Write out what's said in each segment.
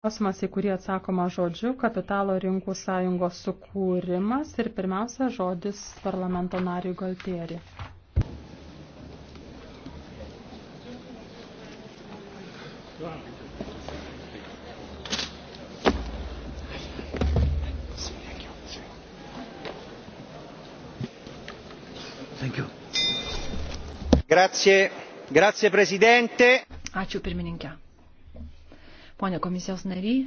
Klausimas, į kurį atsakoma žodžiu, kapitalo rinkų sąjungos sukūrimas ir pirmiausia žodis parlamento nariui Galtieri. Grazie, grazie Presidente. Ačiū pirmininkė. Pone komisijos nariai.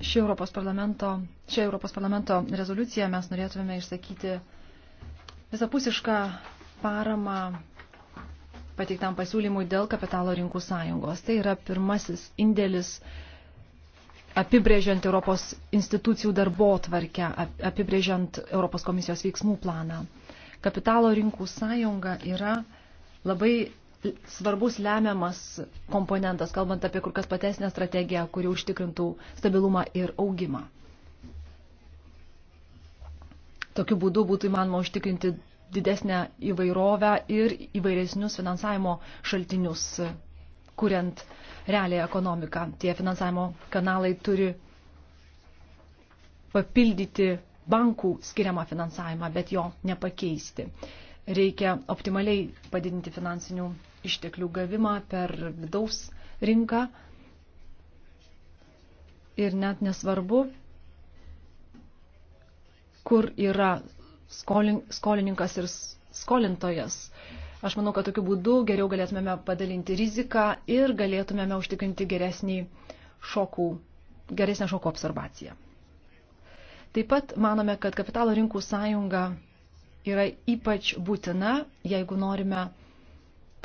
Šį Europos parlamento, šią Europos parlamento rezoliuciją mes norėtume išsakyti visapusišką paramą pateiktam pasiūlymui dėl kapitalo rinkų sąjungos. Tai yra pirmasis indėlis apibrėžiant Europos institucijų darbo tvarkę, apibrėžiant Europos komisijos veiksmų planą kapitalo rinkų sąjunga yra labai svarbus lemiamas komponentas, kalbant apie kur kas patesnę strategiją, kuri užtikrintų stabilumą ir augimą. Tokiu būdu būtų įmanoma užtikrinti didesnę įvairovę ir įvairesnius finansavimo šaltinius, kuriant realią ekonomiką. Tie finansavimo kanalai turi papildyti bankų skiriamą finansavimą, bet jo nepakeisti. Reikia optimaliai padidinti finansinių išteklių gavimą per vidaus rinką ir net nesvarbu, kur yra skolininkas ir skolintojas. Aš manau, kad tokiu būdu geriau galėtumėme padalinti riziką ir galėtumėme užtikrinti geresnį šokų, geresnę šokų observaciją. Taip pat manome, kad kapitalo rinkų sąjunga yra ypač būtina, jeigu norime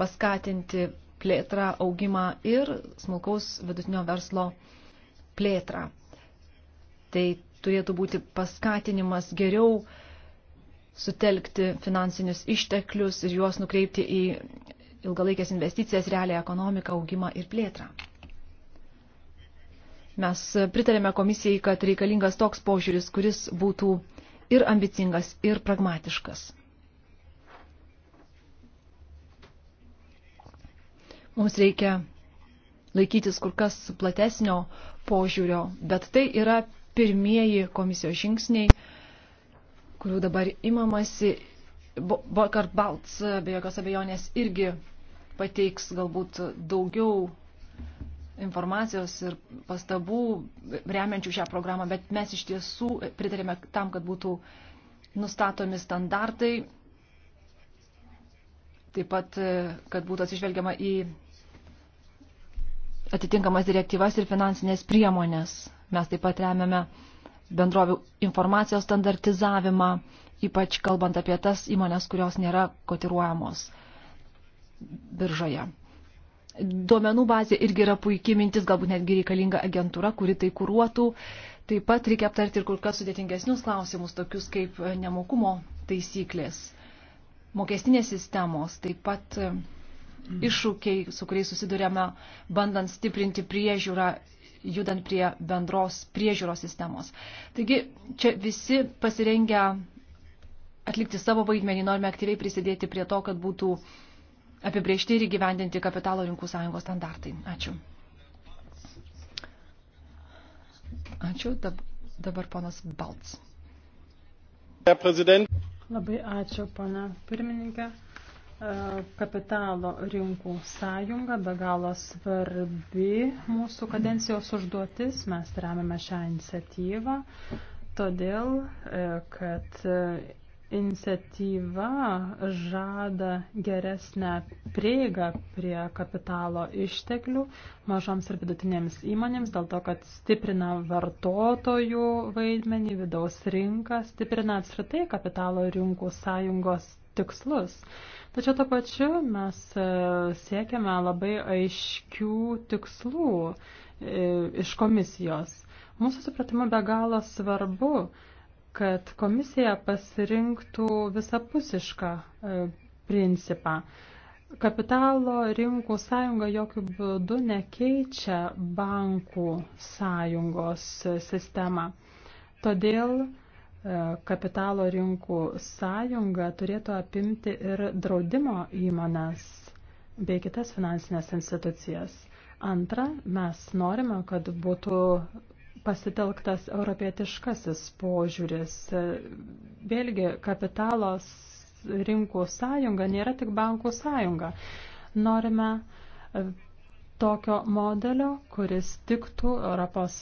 paskatinti plėtrą, augimą ir smulkaus vidutinio verslo plėtrą. Tai turėtų būti paskatinimas geriau sutelkti finansinius išteklius ir juos nukreipti į ilgalaikės investicijas, realią ekonomiką, augimą ir plėtrą. Mes pritarėme komisijai, kad reikalingas toks požiūris, kuris būtų ir ambicingas, ir pragmatiškas. Mums reikia laikytis kur kas platesnio požiūrio, bet tai yra pirmieji komisijos žingsniai, kurių dabar imamasi. Volkart Balts be jokios abejonės irgi pateiks galbūt daugiau informacijos ir pastabų remiančių šią programą, bet mes iš tiesų pritarėme tam, kad būtų nustatomi standartai, taip pat, e, kad būtų atsižvelgiama į atitinkamas direktyvas ir finansinės priemonės. Mes taip pat remiame bendrovių informacijos standartizavimą, ypač kalbant apie tas įmonės, kurios nėra kotiruojamos biržoje duomenų bazė irgi yra puikiai mintis, galbūt netgi reikalinga agentūra, kuri tai kuruotų. Taip pat reikia aptarti ir kur kas sudėtingesnius klausimus, tokius kaip e, nemokumo taisyklės, mokestinės sistemos, taip pat e, iššūkiai, su kuriais susidurėme, bandant stiprinti priežiūrą, judant prie bendros priežiūros sistemos. Taigi čia visi pasirengę atlikti savo vaidmenį, norime aktyviai prisidėti prie to, kad būtų uh, apibriežti ir įgyvendinti kapitalo rinkų sąjungos standartai. Ačiū. Ačiū. Dabar ponas Balts. Labai ačiū, pana pirmininkė. E, kapitalo rinkų sąjunga be galo svarbi mūsų kadencijos užduotis. Mes remiame šią iniciatyvą todėl, e, kad e, iniciatyva žada geresnę prieigą prie kapitalo išteklių mažoms ir vidutinėms įmonėms dėl to, kad stiprina vartotojų vaidmenį, vidaus rinką, stiprina apskritai kapitalo rinkų sąjungos tikslus. Tačiau to pačiu mes e, siekiame labai aiškių tikslų e, iš komisijos. Mūsų supratimu be galo svarbu, kad komisija pasirinktų visapusišką e, principą. Kapitalo rinkų sąjunga jokių būdų nekeičia bankų sąjungos sistemą. Todėl e, kapitalo rinkų sąjunga turėtų apimti ir draudimo įmonės bei kitas finansinės institucijas. Antra, mes norime, kad būtų pasitelktas europietiškasis požiūris. Vėlgi, kapitalos rinkų sąjunga nėra tik bankų sąjunga. Norime e, tokio modelio, kuris tiktų Europos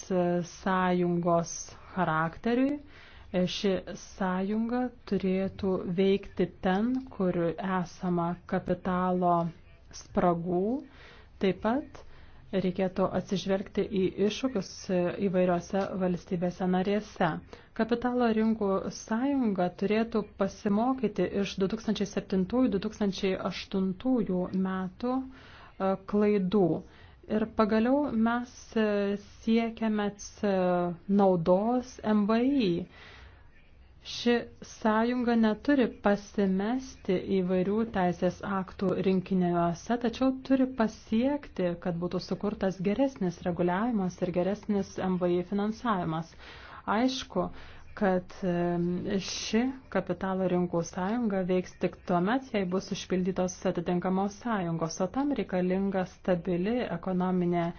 sąjungos charakteriui. E, ši sąjunga turėtų veikti ten, kur esama kapitalo spragų. Taip pat reikėtų atsižvelgti į iššūkius įvairiose valstybėse narėse. Kapitalo rinkų sąjunga turėtų pasimokyti iš 2007-2008 metų e, klaidų. Ir pagaliau mes e, siekiame e, naudos MVI. Ši sąjunga neturi pasimesti įvairių teisės aktų rinkiniuose, tačiau turi pasiekti, kad būtų sukurtas geresnis reguliavimas ir geresnis MVI finansavimas. Aišku, kad ši kapitalo rinkų sąjunga veiks tik tuomet, jei bus užpildytos atitinkamos sąjungos, o tam reikalinga stabili ekonominė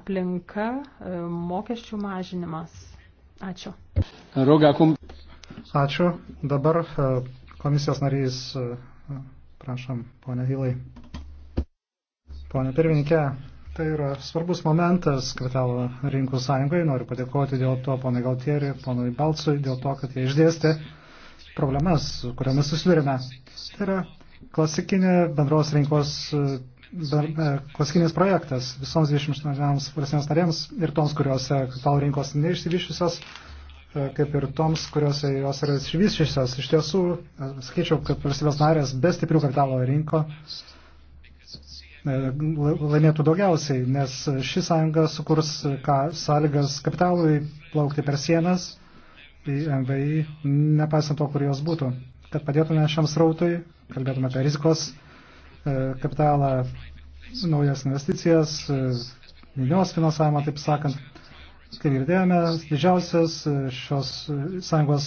aplinka, mokesčių mažinimas. Ačiū. Rogakum. Ačiū. Dabar e, komisijos narys, e, prašom, ponia Hilai. Pone pirmininkė, tai yra svarbus momentas kapitalo rinkų sąjungai. Noriu padėkoti dėl to ponai Galtieri, ponui Balcui, dėl to, kad jie išdėstė problemas, su kuriamis susidurime. Tai yra klasikinė bendros rinkos E, klasikinis projektas visoms 28 valstybėms narėms ir toms, kuriuose kapitalų rinkos neišsivyšusios, e, kaip ir toms, kuriuose jos yra išvyščiusios. Iš tiesų, e, sakyčiau, kad valstybės narės be stiprių kapitalo rinko laimėtų daugiausiai, nes ši sąjunga sukurs ką, sąlygas kapitalui plaukti per sienas į MVI, nepaisant to, kur jos būtų. Kad padėtume šiam srautui, kalbėtume apie rizikos E, kapitalą, naujas investicijas, e, minios finansavimą, taip sakant. Kaip girdėjome, didžiausias e, šios sąjungos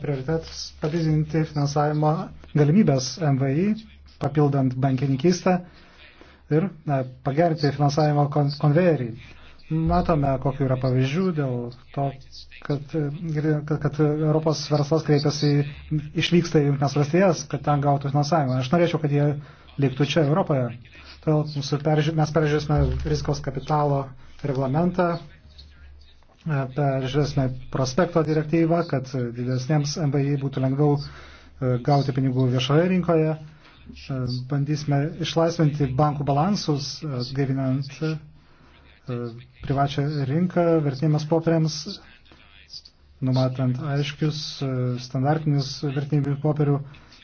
prioritetas padidinti finansavimo galimybės MVI, papildant bankininkystę ir na, pagerinti finansavimo kon konvejerį. Matome, kokiu yra pavyzdžių dėl to, kad, kad, kad Europos verslas kreipiasi, išvyksta į Junktinės valstijas, kad ten gautų finansavimą. Aš norėčiau, kad jie liktų čia Europoje. Todėl perži mes peržiūrėsime rizikos kapitalo reglamentą, e, peržiūrėsime prospekto direktyvą, kad didesniems MVI būtų lengviau e, gauti pinigų viešoje rinkoje. E, bandysime išlaisvinti bankų balansus, atgaivinant privačią rinką, vertinimas popieriams, numatant aiškius standartinius vertinių popierių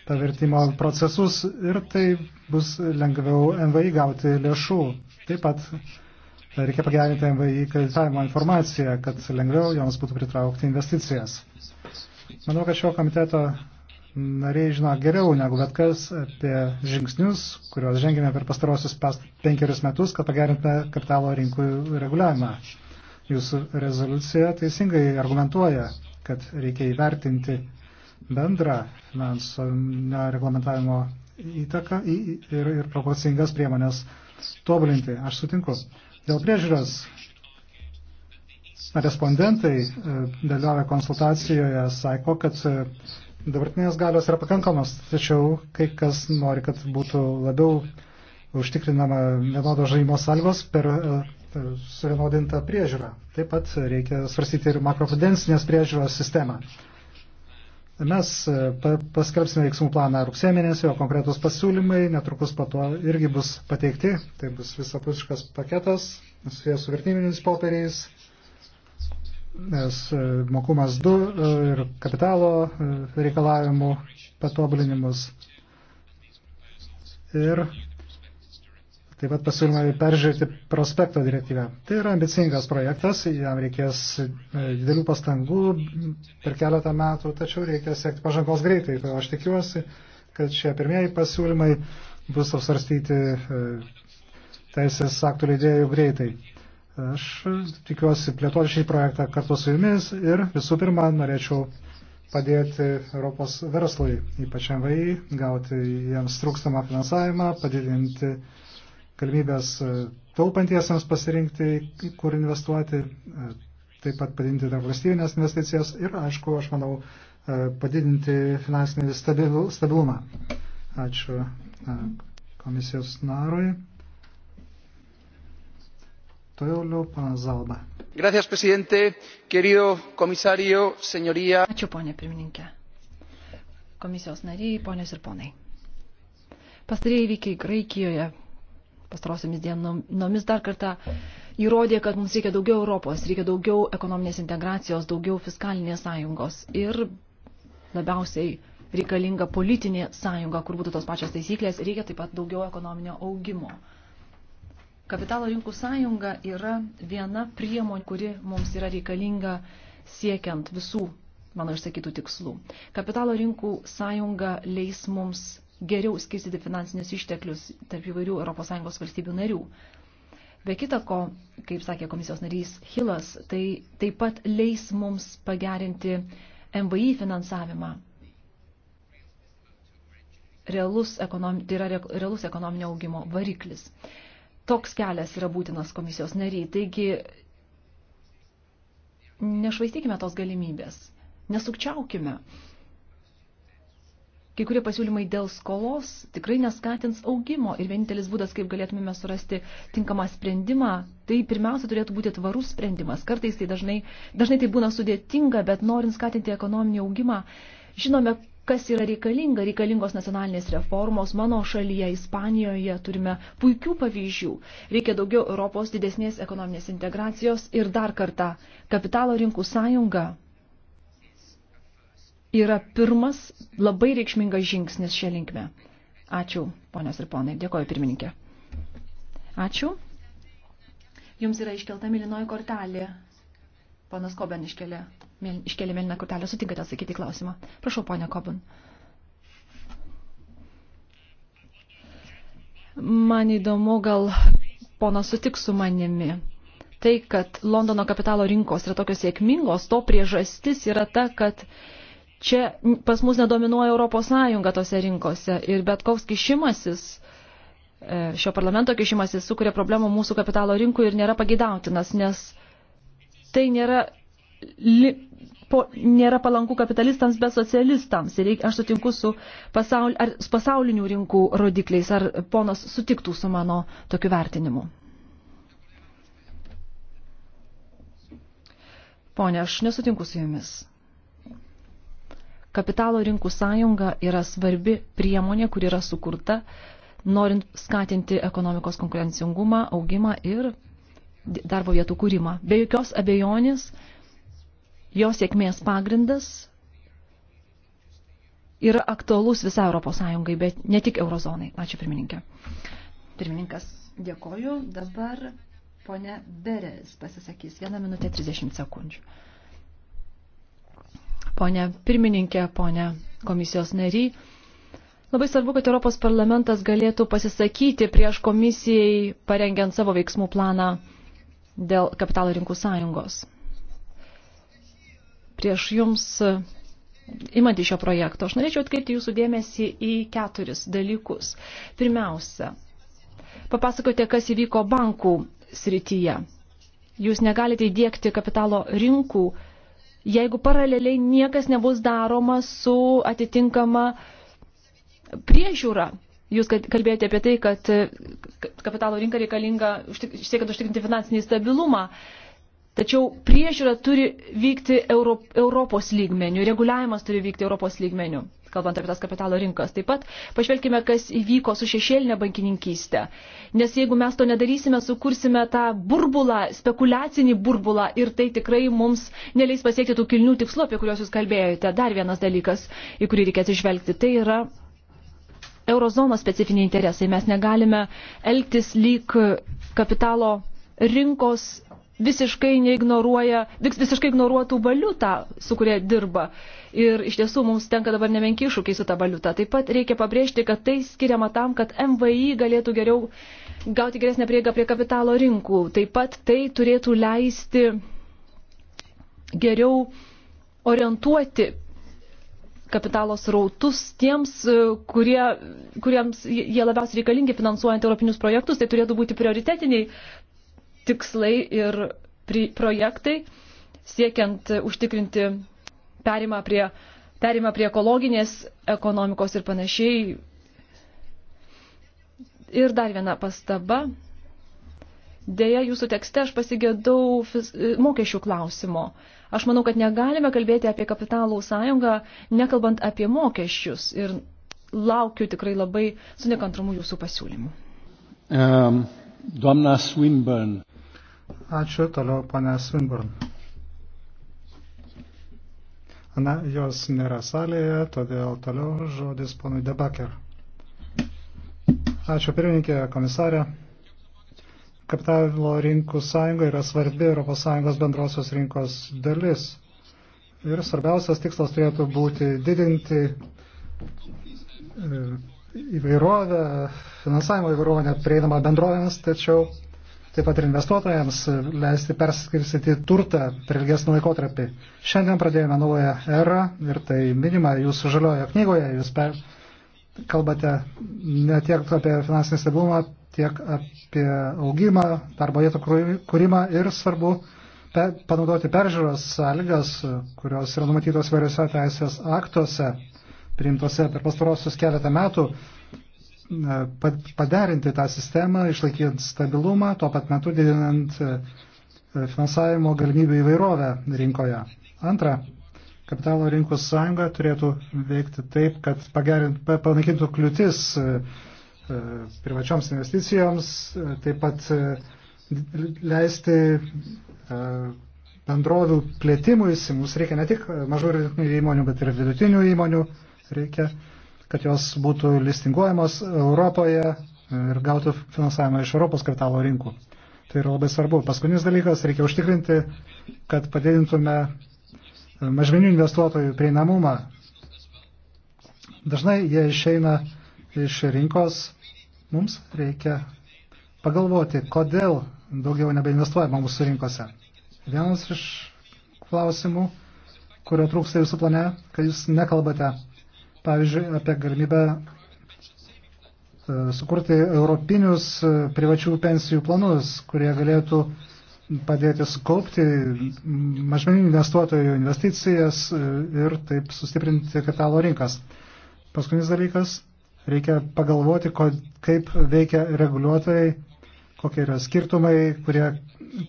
pavertimo procesus ir tai bus lengviau MVI gauti lėšų. Taip pat reikia pagerinti MVI kreditavimo informaciją, kad lengviau joms būtų pritraukti investicijas. Manau, kad šio komiteto nariai žino geriau negu bet kas apie žingsnius, kuriuos žengėme per pastarosius penkerius metus, kad pagerintume kapitalo rinkų reguliavimą. Jūsų rezoliucija teisingai argumentuoja, kad reikia įvertinti bendrą finansinio reglamentavimo įtaką ir, ir proporcingas priemonės tobulinti. Aš sutinku. Dėl priežiūros respondentai e, dalyvavę konsultacijoje sako, kad e, dabartinės galios yra pakankamos, tačiau kai kas nori, kad būtų labiau užtikrinama vienodo žaidimo sąlygos e, per suvienodintą priežiūrą. Taip pat reikia svarstyti ir makroprudencinės priežiūros sistemą. Mes e, paskelbsime veiksmų planą rugsėjo mėnesį, o konkretus pasiūlymai netrukus po to irgi bus pateikti. Tai bus visapusiškas paketas, susijęs su vertybiniais popieriais, nes e, mokumas 2 e, ir kapitalo reikalavimų patobulinimus. Ir Taip pat pasiūlymą peržiūrėti prospekto direktyvę. Tai yra ambicingas projektas, jam reikės e, didelių pastangų per keletą metų, tačiau reikia siekti pažangos greitai. Tai aš tikiuosi, kad šie pirmieji pasiūlymai bus apsvarstyti e, teisės aktų leidėjų greitai. Aš tikiuosi plėtoti šį projektą kartu su jumis ir visų pirma norėčiau padėti Europos verslui, ypač MVI, gauti jiems trūkstamą finansavimą, padidinti galimybės e, taupantiesiams pasirinkti, kur investuoti, e, taip pat padidinti tarp valstybinės investicijas ir, aišku, aš manau, e, padidinti finansinį stabilumą. Ačiū komisijos narui. Toliau panas Zalba. Gracias, presidente, querido komisario, señoría. Ačiū, ponė pirmininkė. Komisijos nariai, ponės ir ponai. Pastarėjai įvykiai Graikijoje pastarosiomis dienomis dar kartą įrodė, kad mums reikia daugiau Europos, reikia daugiau ekonominės integracijos, daugiau fiskalinės sąjungos ir labiausiai reikalinga politinė sąjunga, kur būtų tos pačios taisyklės, reikia taip pat daugiau ekonominio augimo. Kapitalo rinkų sąjunga yra viena priemonė, kuri mums yra reikalinga siekiant visų mano išsakytų tikslų. Kapitalo rinkų sąjunga leis mums geriau skirstyti finansinius išteklius tarp įvairių ES valstybių narių. Be kita ko, kaip sakė komisijos narys Hilas, tai taip pat leis mums pagerinti MVI finansavimą. Realus ekonom, tai yra realus ekonominio augimo variklis. Toks kelias yra būtinas komisijos nariai, taigi nešvaistykime tos galimybės, nesukčiaukime kai kurie pasiūlymai dėl skolos tikrai neskatins augimo ir vienintelis būdas, kaip galėtumėme surasti tinkamą sprendimą, tai pirmiausia turėtų būti tvarus sprendimas. Kartais tai dažnai, dažnai tai būna sudėtinga, bet norint skatinti ekonominį augimą, žinome, kas yra reikalinga, reikalingos nacionalinės reformos. Mano šalyje, Ispanijoje turime puikių pavyzdžių. Reikia daugiau Europos didesnės ekonominės integracijos ir dar kartą kapitalo rinkų sąjunga yra pirmas labai reikšmingas žingsnis šią linkme. Ačiū, ponios ir ponai. Dėkoju, pirmininkė. Ačiū. Jums yra iškelta milinoji kortelė. Ponas Koben iškelė, iškelė miliną kortelę. Sutinkate atsakyti klausimą. Prašau, ponia Koben. Man įdomu, gal ponas sutiks su manimi tai, kad Londono kapitalo rinkos yra tokios sėkmingos, to priežastis yra ta, kad Čia pas mus nedominuoja Europos Sąjunga tose rinkose ir bet koks kišimasis, e, šio parlamento kišimasis sukuria problemų mūsų kapitalo rinkų ir nėra pageidautinas, nes tai nėra li, po, nėra palankų kapitalistams, bet socialistams. Ir reik, aš sutinku su, pasaul, ar, su pasaulinių rinkų rodikliais. Ar ponas sutiktų su mano tokiu vertinimu? Pone, aš nesutinku su jumis. Kapitalo rinkų sąjunga yra svarbi priemonė, kuri yra sukurta, norint skatinti ekonomikos konkurencingumą, augimą ir darbo vietų kūrimą. Be jokios abejonės, jos sėkmės pagrindas yra aktualus visą Europos Sąjungai, bet ne tik eurozonai. Ačiū pirmininkė. Pirmininkas, dėkoju. Dabar ponė Beres pasisakys. Vieną minutę 30 sekundžių ponė pirmininkė, ponė komisijos nariai. Labai svarbu, kad Europos parlamentas galėtų pasisakyti prieš komisijai parengiant savo veiksmų planą dėl kapitalo rinkų sąjungos. Prieš jums imant iš šio projekto, aš norėčiau atkreipti jūsų dėmesį į keturis dalykus. Pirmiausia, papasakote, kas įvyko bankų srityje. Jūs negalite įdėkti kapitalo rinkų sąjungos jeigu paraleliai niekas nebus daroma su atitinkama priežiūra. Jūs kalbėjote apie tai, kad kapitalo rinka reikalinga siekiant užtikrinti finansinį stabilumą. Tačiau priežiūra turi vykti Europos lygmenių, reguliavimas turi vykti Europos lygmenių kalbant apie tas kapitalo rinkas. Taip pat pažvelkime, kas įvyko su šešėlinė bankininkystė. Nes jeigu mes to nedarysime, sukursime tą burbulą, spekulacinį burbulą ir tai tikrai mums neleis pasiekti tų kilnių tikslų, apie kuriuos jūs kalbėjote. Dar vienas dalykas, į kurį reikėtų išvelgti, tai yra eurozonos specifiniai interesai. Mes negalime elgtis lyg kapitalo rinkos visiškai neignoruoja, visiškai ignoruotų valiutą, su kuria dirba. Ir iš tiesų mums tenka dabar nemenki iššūkiai su ta valiuta. Taip pat reikia pabrėžti, kad tai skiriama tam, kad MVI galėtų geriau gauti geresnę prieigą prie kapitalo rinkų. Taip pat tai turėtų leisti geriau orientuoti kapitalo srautus tiems, e, kurie, kuriems jie labiausiai reikalingi finansuojant europinius projektus, tai turėtų būti prioritetiniai tikslai ir projektai, siekiant užtikrinti perimą prie, perimą prie ekologinės ekonomikos ir panašiai. Ir dar viena pastaba. Deja, jūsų tekste aš pasigėdau mokesčių klausimo. Aš manau, kad negalime kalbėti apie kapitalų sąjungą, nekalbant apie mokesčius. Ir laukiu tikrai labai su nekantrumu jūsų pasiūlymų. Um, Doamna Swinburne. Ačiū, toliau ponia Svinburn. Na, jos nėra salėje, todėl toliau žodis ponui Debaker. Ačiū pirmininkė, komisarė. Kapitalo rinkų sąjunga yra svarbi ES bendrosios rinkos dalis. Ir svarbiausias tikslas turėtų būti didinti e, įvairovę, finansavimo įvairovę prieinamą bendrovėms, tačiau taip pat ir investuotojams leisti perskirstyti turtą per ilgesnį laikotarpį. Šiandien pradėjome naują erą ir tai minima jūsų žaliojo knygoje. Jūs per, kalbate ne tiek apie finansinį stabilumą, tiek apie augimą, darbo vietų kūrimą ir svarbu pe, panaudoti peržiūros sąlygas, kurios yra numatytos vairiuose teisės aktuose priimtose per pastarosius keletą metų padarinti tą sistemą, išlaikyti stabilumą, tuo pat metu didinant e, finansavimo galimybių įvairovę rinkoje. Antra, kapitalo rinkų sąjunga turėtų veikti taip, kad pagerint, panaikintų kliūtis e, e, privačioms investicijoms, taip pat leisti bendrovių plėtimuisi. Mums reikia ne tik mažų ir vidutinių įmonių, bet ir vidutinių įmonių. Reikia uh, kad jos būtų listinguojamos Europoje ir gautų finansavimą iš Europos kapitalo rinkų. Tai yra labai svarbu. Paskutinis dalykas, reikia užtikrinti, kad padidintume mažmenių investuotojų prieinamumą. Dažnai jie išeina iš rinkos. Mums reikia pagalvoti, kodėl daugiau nebeinvestuojama mūsų rinkose. Vienas iš klausimų, kurio trūksta jūsų plane, kad jūs nekalbate pavyzdžiui, apie galimybę e, sukurti europinius e, privačių pensijų planus, kurie galėtų padėti sukaupti mažmeninių investuotojų investicijas e, ir taip sustiprinti kapitalo rinkas. Paskutinis dalykas - reikia pagalvoti, kaip veikia reguliuotojai, kokie yra skirtumai, kurie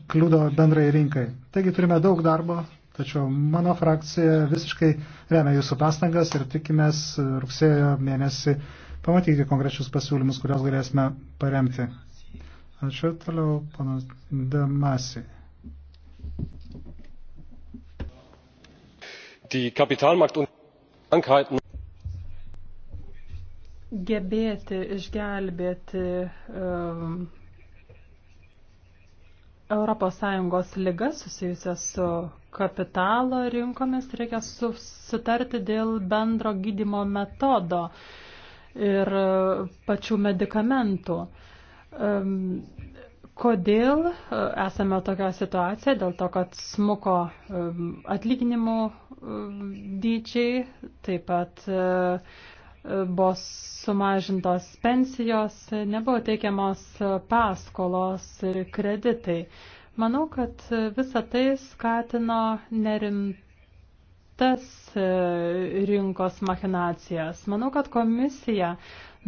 kliūdo bendrai rinkai. Taigi turime daug darbo, Tačiau mano frakcija visiškai remia jūsų pastangas ir tikimės rugsėjo mėnesį pamatyti konkrečius pasiūlymus, kuriuos galėsime paremti. Ačiū toliau, panas Damasi. Gebėti išgelbėti um, ES lygas susijusias su kapitalo rinkomis reikia susitarti dėl bendro gydimo metodo ir e, pačių medikamentų. Kodėl e, esame tokia situacija? Dėl to, kad smuko atlyginimų dydžiai, taip pat e, buvo sumažintos pensijos, nebuvo teikiamos paskolos ir kreditai. Manau, kad visa tai skatino nerimtas e, rinkos machinacijas. Manau, kad komisija,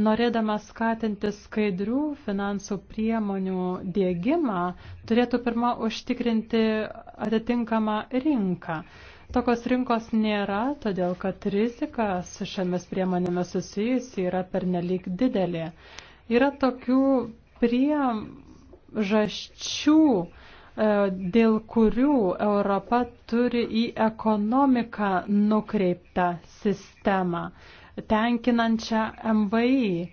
norėdama skatinti skaidrių finansų priemonių dėgymą, turėtų pirmą užtikrinti atitinkamą rinką. Tokios rinkos nėra, todėl kad rizika su šiomis priemonėmis susijusi yra pernelyg didelė. Yra tokių priežasčių, e, dėl kurių Europa turi į ekonomiką nukreiptą sistemą, tenkinančią MVI. E,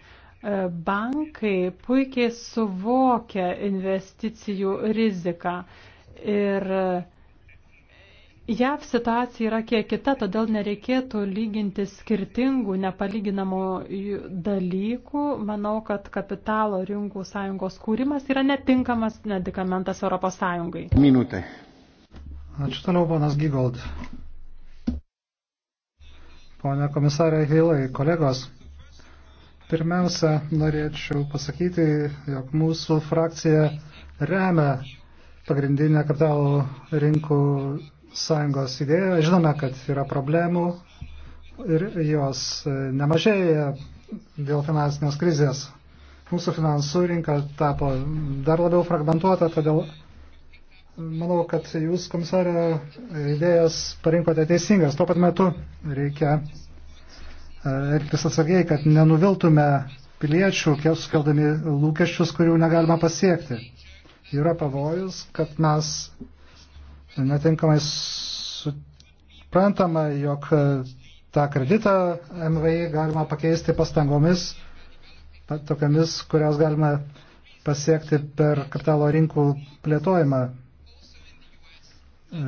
bankai puikiai suvokia investicijų riziką ir JAV situacija yra kiek kita, todėl nereikėtų lyginti skirtingų, nepalyginamų dalykų. Manau, kad kapitalo rinkų sąjungos kūrimas yra netinkamas medikamentas Europos Sąjungai. Minutė. Ačiū toliau, panas Gygold. Pone komisarė Hilai, kolegos, pirmiausia, norėčiau pasakyti, jog mūsų frakcija remia pagrindinę kapitalų rinkų sąjungos idėja. Žinome, kad yra problemų ir jos e, nemažėja dėl finansinės krizės. Mūsų finansų rinka tapo dar labiau fragmentuota, todėl manau, kad jūs, komisarė, idėjas parinkote teisingas. Tuo pat metu reikia e, elgtis atsargiai, kad nenuviltume piliečių, sukeldami lūkesčius, kurių negalima pasiekti. Yra pavojus, kad mes netinkamai suprantama, jog e, tą kreditą MVI galima pakeisti pastangomis, tokiamis, kurias galima pasiekti per kapitalo rinkų plėtojimą. E,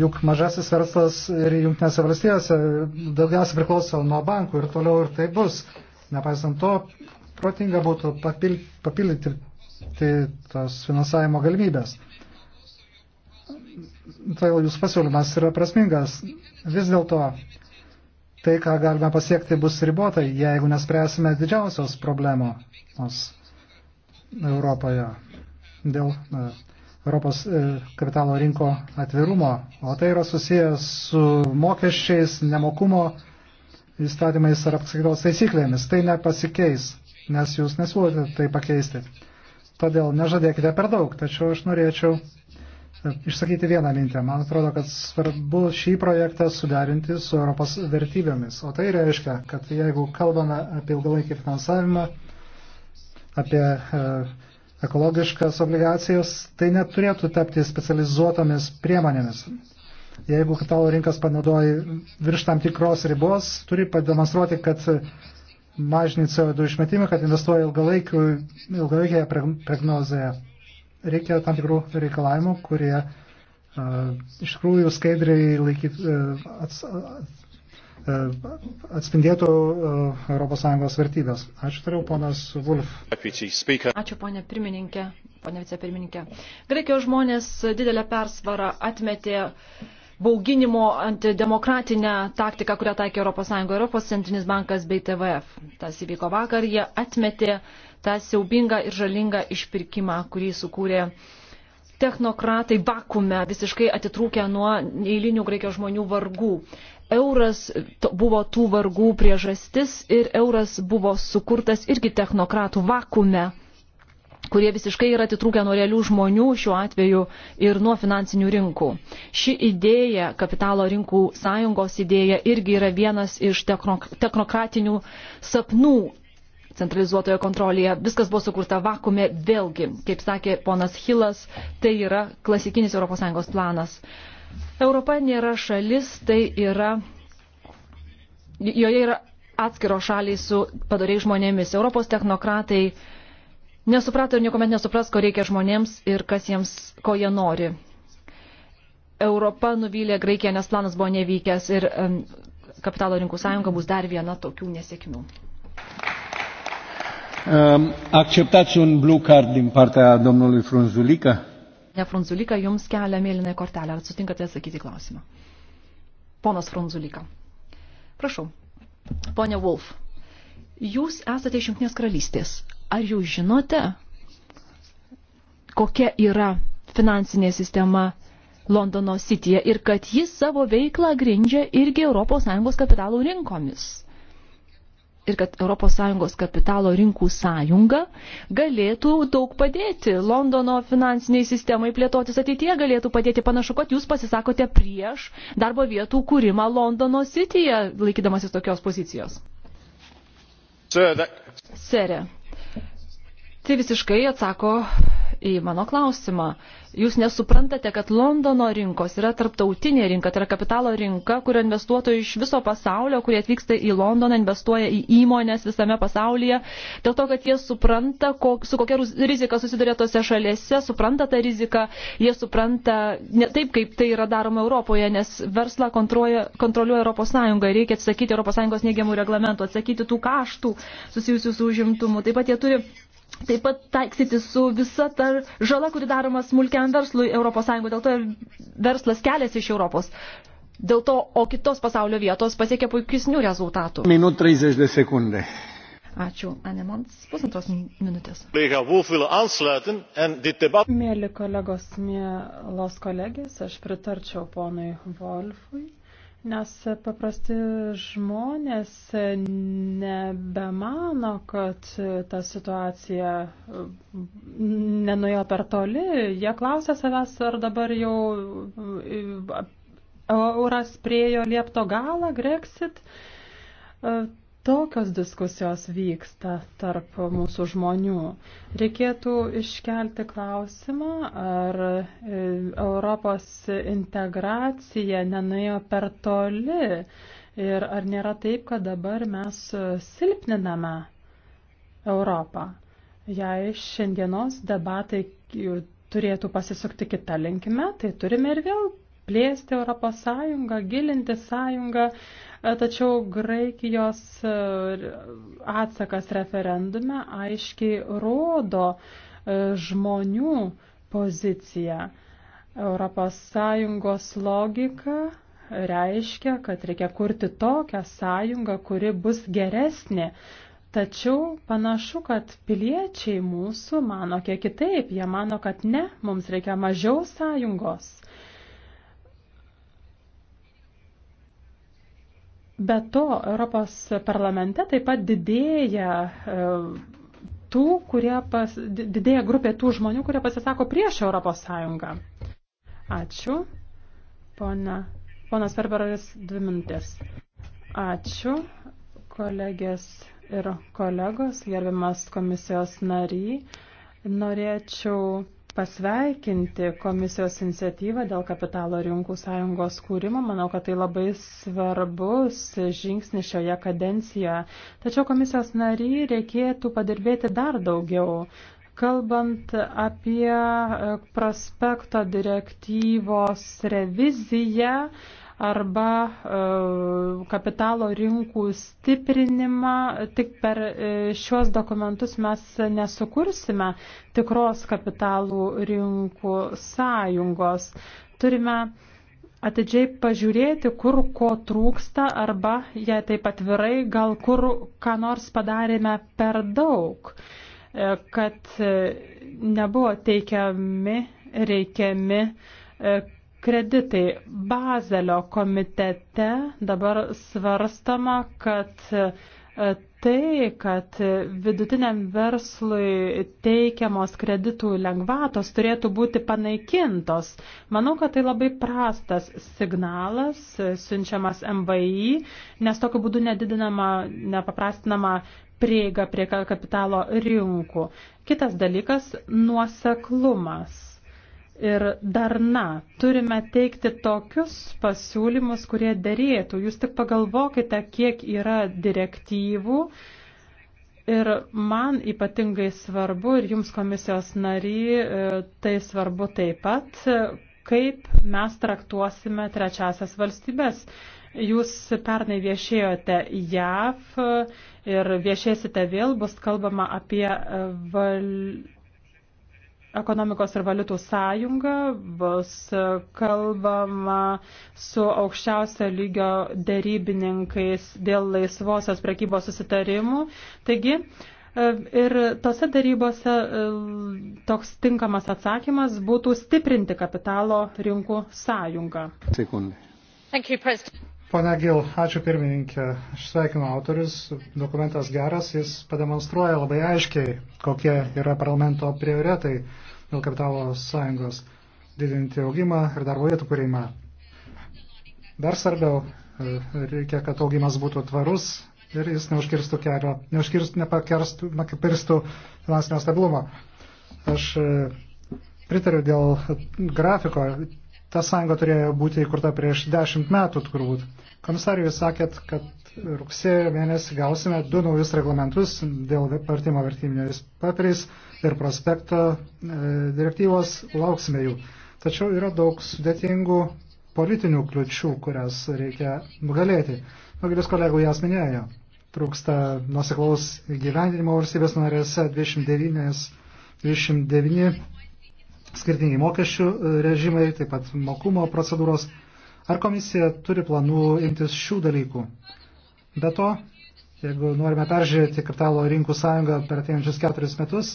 juk mažasis verslas ir jungtinėse valstijose daugiausia priklauso nuo bankų ir toliau ir tai bus. Nepaisant to, protinga būtų papildyti tos finansavimo galimybės todėl jūsų pasiūlymas yra prasmingas. Vis dėlto tai, ką galime pasiekti, bus ribotai, jeigu nespręsime didžiausios problemos Europoje dėl e, Europos e, kapitalo rinko atvirumo, o tai yra susijęs su mokesčiais, nemokumo įstatymais ar apskaitos taisyklėmis. Tai nepasikeis, nes jūs nesiūlote tai pakeisti. Todėl nežadėkite per daug, tačiau aš norėčiau išsakyti vieną mintę. Man atrodo, kad svarbu šį projektą suderinti su Europos vertybėmis. O tai reiškia, kad jeigu kalbame apie ilgalaikį finansavimą, apie e, ekologiškas obligacijas, tai neturėtų tapti specializuotomis priemonėmis. Jeigu kapitalo rinkas panaudoji virš tam tikros ribos, turi pademonstruoti, kad mažini CO2 išmetimą, kad investuoja ilgalaikėje prognozėje reikia tam tikrų reikalavimų, kurie iš tikrųjų skaidriai laikyt, ats, atspindėtų ES vertybės. Ačiū tariau, ponas Vulf. Ačiū, ponė pirmininkė, ponė vicepirmininkė. Graikijos žmonės didelę persvarą atmetė bauginimo antidemokratinę taktiką, kurią taikė ES, Europos centrinis bankas bei TVF. Tas įvyko vakar, jie atmetė tą siaubingą ir žalingą išpirkimą, kurį sukūrė technokratai vakume, visiškai atitrūkę nuo neįlinių graikijos žmonių vargų. Euras buvo tų vargų priežastis ir euras buvo sukurtas irgi technokratų vakume kurie visiškai yra atitrūkę nuo realių žmonių šiuo atveju ir nuo finansinių rinkų. Ši idėja, kapitalo rinkų sąjungos idėja, irgi yra vienas iš technokratinių sapnų centralizuotoje kontrolėje. Viskas buvo sukurta vakume vėlgi, kaip sakė ponas Hilas, tai yra klasikinis ES planas. Europa nėra šalis, tai yra, joje yra atskiro šaliai su padariai žmonėmis. Europos technokratai nesuprato ir niekuomet nesupras, ko reikia žmonėms ir kas jiems, ko jie nori. Europa nuvylė Graikiją, nes planas buvo nevykęs ir um, kapitalo rinkų sąjunga bus dar viena tokių nesėkmių. Um, acceptați un blue card din partea domnului Frunzulică? Ne Frunzulică, jums kelia mėlynąją kortelę. Ar sutinkate atsakyti klausimą? Ponas Frunzulică. Prašau. Pone Wolf. Jūs esate iš Junktinės karalystės. Ar jūs žinote, kokia yra finansinė sistema Londono Cityje ir kad jis savo veiklą grindžia irgi ES kapitalų rinkomis? ir kad ES kapitalo rinkų sąjunga galėtų daug padėti Londono finansiniai sistemai plėtotis ateityje, galėtų padėti panašu, kad jūs pasisakote prieš darbo vietų kūrimą Londono Cityje, laikydamasis tokios pozicijos. Sere, tai visiškai atsako į mano klausimą. Jūs nesuprantate, kad Londono rinkos yra tarptautinė rinka, tai yra kapitalo rinka, kur investuotojai iš viso pasaulio, kurie atvyksta į Londoną, investuoja į įmonės visame pasaulyje, dėl to, kad jie supranta, kok, su kokia rizika susiduria tose šalėse, supranta tą riziką, jie supranta ne taip, kaip tai yra daroma Europoje, nes verslą kontroliuoja Europos Sąjunga ir reikia atsakyti Europos Sąjungos neigiamų reglamentų, atsakyti tų kaštų susijusių su užimtumu. Taip pat jie turi taip pat taiksyti su visa ta žala, kuri daroma smulkiam verslui ES, dėl to verslas keliasi iš Europos. Dėl to, o kitos pasaulio vietos pasiekia puikisnių rezultatų. Minut 30 sekundė. Ačiū, Anemans, pusantros minutės. Mėly kolegos, mėlos kolegės, aš pritarčiau ponui Wolfui. Nes paprasti žmonės nebemano, kad ta situacija nenuėjo per toli. Jie klausė savęs, ar dabar jau e, e, euras priejo liepto galą, Grexit. E, tokios diskusijos vyksta tarp mūsų žmonių. Reikėtų iškelti klausimą, ar e, Europos integracija nenuėjo per toli ir ar nėra taip, kad dabar mes silpniname Europą. Jei šiandienos debatai turėtų pasisukti kitą linkime, tai turime ir vėl plėsti Europos Sąjungą, gilinti Sąjungą, uh, E, tačiau Graikijos e, atsakas referendume aiškiai rodo e, žmonių poziciją. ES logika reiškia, kad reikia kurti tokią sąjungą, kuri bus geresnė. Tačiau panašu, kad piliečiai mūsų mano kiek kitaip, jie mano, kad ne, mums reikia mažiau sąjungos. Be to, Europos parlamente taip pat didėja e, tų, kurie pas, didėja grupė tų žmonių, kurie pasisako prieš Europos Sąjungą. Ačiū. Pona, ponas Ferberis, dvi minutės. Ačiū, kolegės ir kolegos, gerbiamas komisijos nariai. Norėčiau pasveikinti komisijos iniciatyvą dėl kapitalo rinkų sąjungos kūrimo. Manau, kad tai labai svarbus žingsnis šioje kadencijoje. Tačiau komisijos nariai reikėtų padirbėti dar daugiau. Kalbant apie e, prospekto direktyvos reviziją, arba e, kapitalo rinkų stiprinimą. Tik per e, šios dokumentus mes nesukursime tikros kapitalų rinkų sąjungos. Turime atidžiai pažiūrėti, kur ko trūksta arba, jei taip atvirai, gal kur ką nors padarėme per daug, e, kad nebuvo teikiami reikiami Kreditai Bazelio komitete dabar svarstama, kad e, tai, kad vidutiniam verslui teikiamos kreditų lengvatos turėtų būti panaikintos. Manau, kad tai labai prastas signalas e, siunčiamas MVI, nes tokiu būdu nedidinama, nepaprastinama prieiga prie kapitalo rinkų. Kitas dalykas - nuoseklumas ir darna. Turime teikti tokius pasiūlymus, kurie dėrėtų. Jūs tik pagalvokite, kiek yra direktyvų. Ir man ypatingai svarbu, ir jums komisijos nariai, e, tai svarbu taip pat, kaip mes traktuosime trečiasias valstybės. Jūs pernai viešėjote JAV e, ir viešėsite vėl, bus kalbama apie e, val ekonomikos ir valiutų sąjunga, bus kalbama su aukščiausio lygio dėrybininkais dėl laisvosios prekybos susitarimų. Taigi, e, Ir tose darybose e, toks tinkamas atsakymas būtų stiprinti kapitalo rinkų sąjungą. Sekundė. Pone Gil, ačiū pirmininkė. Aš sveikinu autorius. Dokumentas geras, jis pademonstruoja labai aiškiai, kokie yra parlamento prioritetai dėl kapitalo sąjungos didinti augimą ir darbo vietų kūrimą. Dar svarbiau, e, reikia, kad augimas būtų tvarus ir jis neužkirstų kelio, neužkirstų, nepakirstų, nepakirstų finansinio stabilumo. Aš e, pritariu dėl grafiko. Ta sąjunga turėjo būti įkurta prieš dešimt metų turbūt. Komisarijai sakėt, kad rugsėjo mėnesį gausime du naujus reglamentus dėl partimo vertybiniais papiriais ir prospekto e, direktyvos, lauksime jų. Tačiau yra daug sudėtingų politinių kliučių, kurias reikia nugalėti. Daugelis kolegų jas minėjo. Trūksta nusiklaus gyvendinimo valstybės narėse 29, 29 skirtingi mokesčių e, režimai, taip pat mokumo procedūros. Ar komisija turi planų imtis šių dalykų? Be to, jeigu norime peržiūrėti kapitalo rinkų sąjungą per ateinančius keturis metus,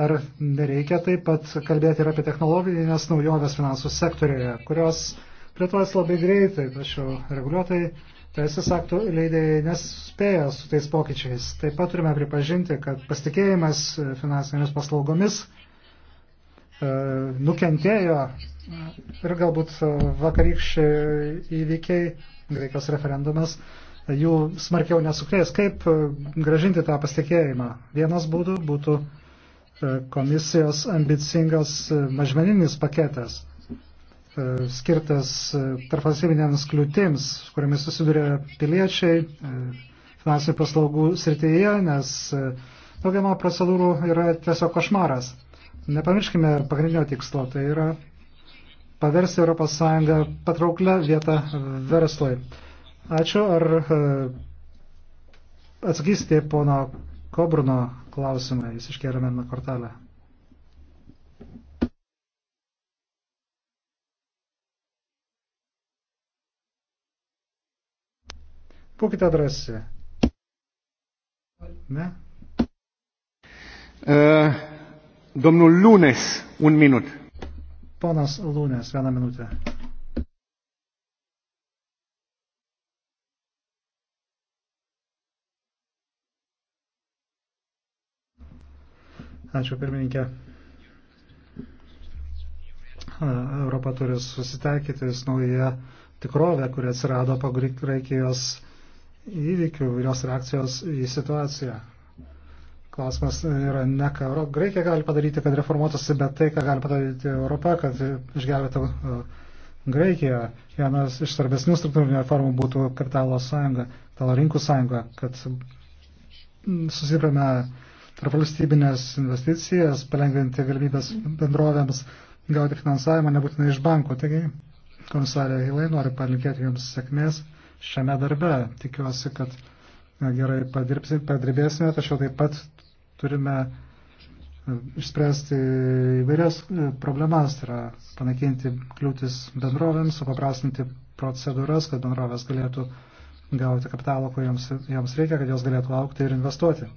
ar nereikia taip pat kalbėti ir apie technologinės naujoves finansų sektorijoje, kurios plėtojas labai greitai, tačiau reguliuotojai teisės aktų leidėjai nespėja su tais pokyčiais. Taip pat turime pripažinti, kad pasitikėjimas finansinėmis paslaugomis E, nukentėjo ir galbūt vakarykščiai įvykiai, greikas referendumas, jų smarkiau nesukrės. Kaip e, gražinti tą pasitikėjimą? Vienas būdų būtų e, komisijos ambicingas mažmeninis paketas, skirtas tarpvalstybinėms kliūtims, kuriamis susiduria piliečiai finansinių paslaugų srityje, nes daugiamo procedūrų yra tiesiog košmaras. Nepamirškime pagrindinio tikslo, tai yra paversti ES patrauklę vietą verslui. Ačiū, ar e, atsakysite pono Kobrno klausimą, jis iškėlė meno kortelę. Būkite drąsi. Ne? Uh. Domnul Lunes, un minut. Ponas Lunes, vieną minutę. Ačiū pirmininkė. Europa turi susitaikyti su nauja tikrovė, kuri atsirado po Graikijos įvykių ir jos reakcijos į situaciją. Klausimas yra ne ką Graikija gali padaryti, kad reformuotųsi, bet tai, ką gali padaryti Europa, kad išgelbėtų uh, Graikiją. Vienas iš svarbesnių struktūrinių reformų būtų kapitalo sąjunga, kapitalo rinkų sąjunga, kad susiprame tarp valstybinės investicijas, palengvinti galimybės bendrovėms gauti finansavimą nebūtinai iš bankų. Taigi, komisarė Hilai, noriu palinkėti Jums sėkmės šiame darbe. Tikiuosi, kad uh, gerai padirbsime, padirbėsime, tačiau taip pat turime e, išspręsti įvairias e, problemas, tai yra panaikinti kliūtis bendrovėms, supaprastinti procedūras, kad bendrovės galėtų gauti kapitalą, ko joms, joms reikia, kad jos galėtų aukti ir investuoti.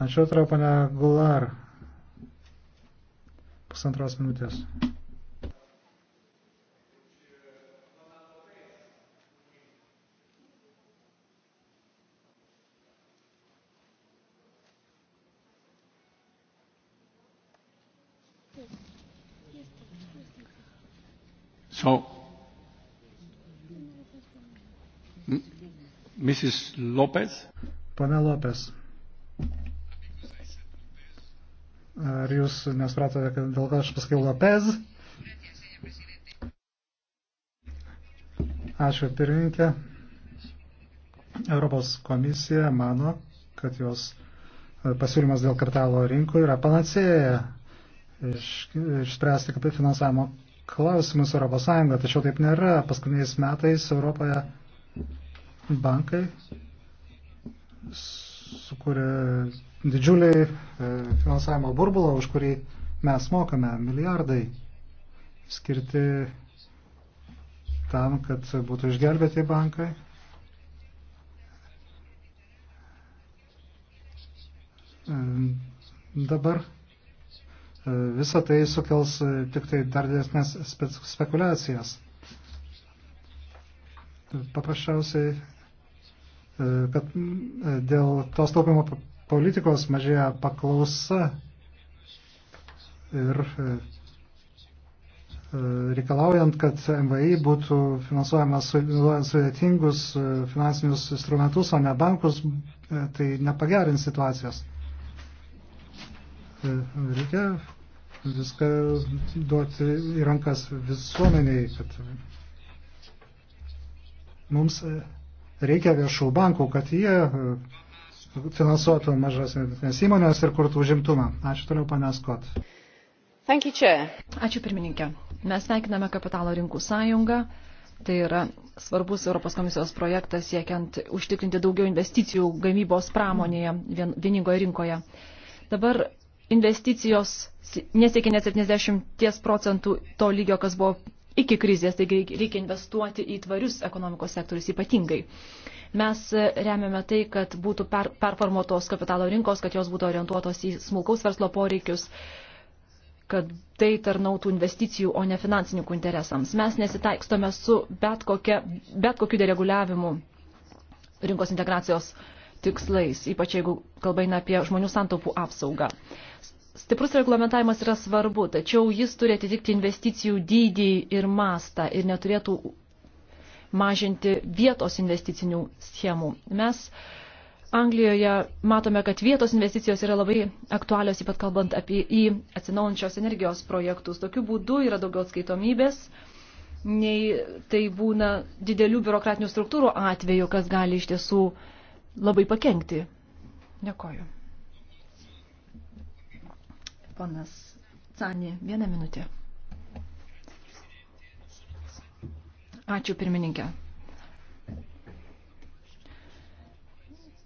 Ačiū, trau, pane Gular. Pusantros minutės. So, Mrs. Lopez. Pane Lopez. Ar jūs nespratote, kad dėl ko aš pasakiau Lopez? Ačiū pirmininkė. Europos komisija mano, kad jos pasiūlymas dėl kartalo rinkų yra panacėja išspręsti finansavimo klausimus ES, tačiau taip nėra. Paskutiniais metais Europoje bankai sukūrė didžiulį e, finansavimo burbulą, už kurį mes mokame milijardai skirti tam, kad būtų išgelbėti bankai. E, dabar Visą tai sukels e, tik tai dar didesnės spekulacijas. Paprasčiausiai, e, kad e, dėl tos taupimo politikos mažėja paklausa ir reikalaujant, kad MVI būtų finansuojamas sudėtingus finansinius instrumentus, o ne bankus, tai nepagerins situacijos. E, reikia viską duoti į rankas visuomeniai, kad mums reikia viešų bankų, kad jie e, finansuotų mažas įmonės ir kurtų užimtumą. Ačiū toliau, pane Skot. Ačiū pirmininkė. Mes sveikiname kapitalo rinkų sąjungą. Tai yra svarbus Europos komisijos projektas siekiant užtikrinti daugiau investicijų gamybos pramonėje, vieningoje rinkoje. Dabar investicijos nesiekia net 70 procentų to lygio, kas buvo iki krizės, taigi reikia investuoti į tvarius ekonomikos sektorius ypatingai. Mes remiame tai, kad būtų per, performuotos kapitalo rinkos, kad jos būtų orientuotos į smulkaus verslo poreikius, kad tai tarnautų investicijų, o ne finansininkų interesams. Mes nesitaikstome su bet, kokia, bet kokiu dereguliavimu rinkos integracijos tikslais, ypač jeigu kalba eina apie žmonių santaupų apsaugą. Stiprus reglamentavimas yra svarbu, tačiau jis turi atitikti investicijų dydį ir mastą ir neturėtų mažinti vietos investicinių schemų. Mes Anglijoje matome, kad vietos investicijos yra labai aktualios, ypat kalbant apie į atsinaujančios energijos projektus. Tokiu būdu yra daugiau atskaitomybės nei tai būna didelių biurokratinių struktūrų atveju, kas gali iš tiesų labai pakengti. Dėkoju. Ponas Cani, vieną minutę. Ačiū pirmininkė.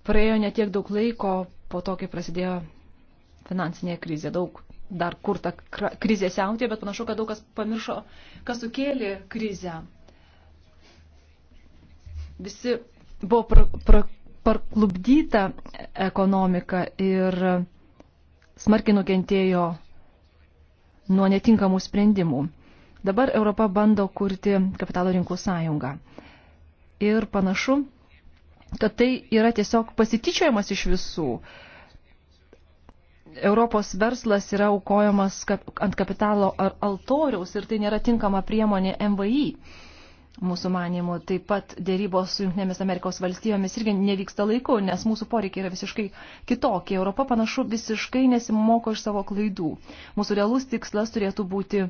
Praėjo netiek daug laiko po to, kai prasidėjo finansinė krizė. Daug dar kur ta krizė siautė, bet panašu, kad daug kas pamiršo, kas sukėlė krizę. Visi buvo pra, pra, parklubdyta ekonomika ir smarkiai nukentėjo nuo netinkamų sprendimų. Dabar Europa bando kurti kapitalo rinkų sąjungą. Ir panašu, kad tai yra tiesiog pasityčiojimas iš visų. Europos verslas yra aukojamas ant kapitalo ar altoriaus ir tai nėra tinkama priemonė MVI. Mūsų manimų taip pat dėrybos su Junktinėmis Amerikos valstijomis irgi nevyksta laiku, nes mūsų poreikiai yra visiškai kitokie. Europa panašu visiškai nesimoko iš savo klaidų. Mūsų realus tikslas turėtų būti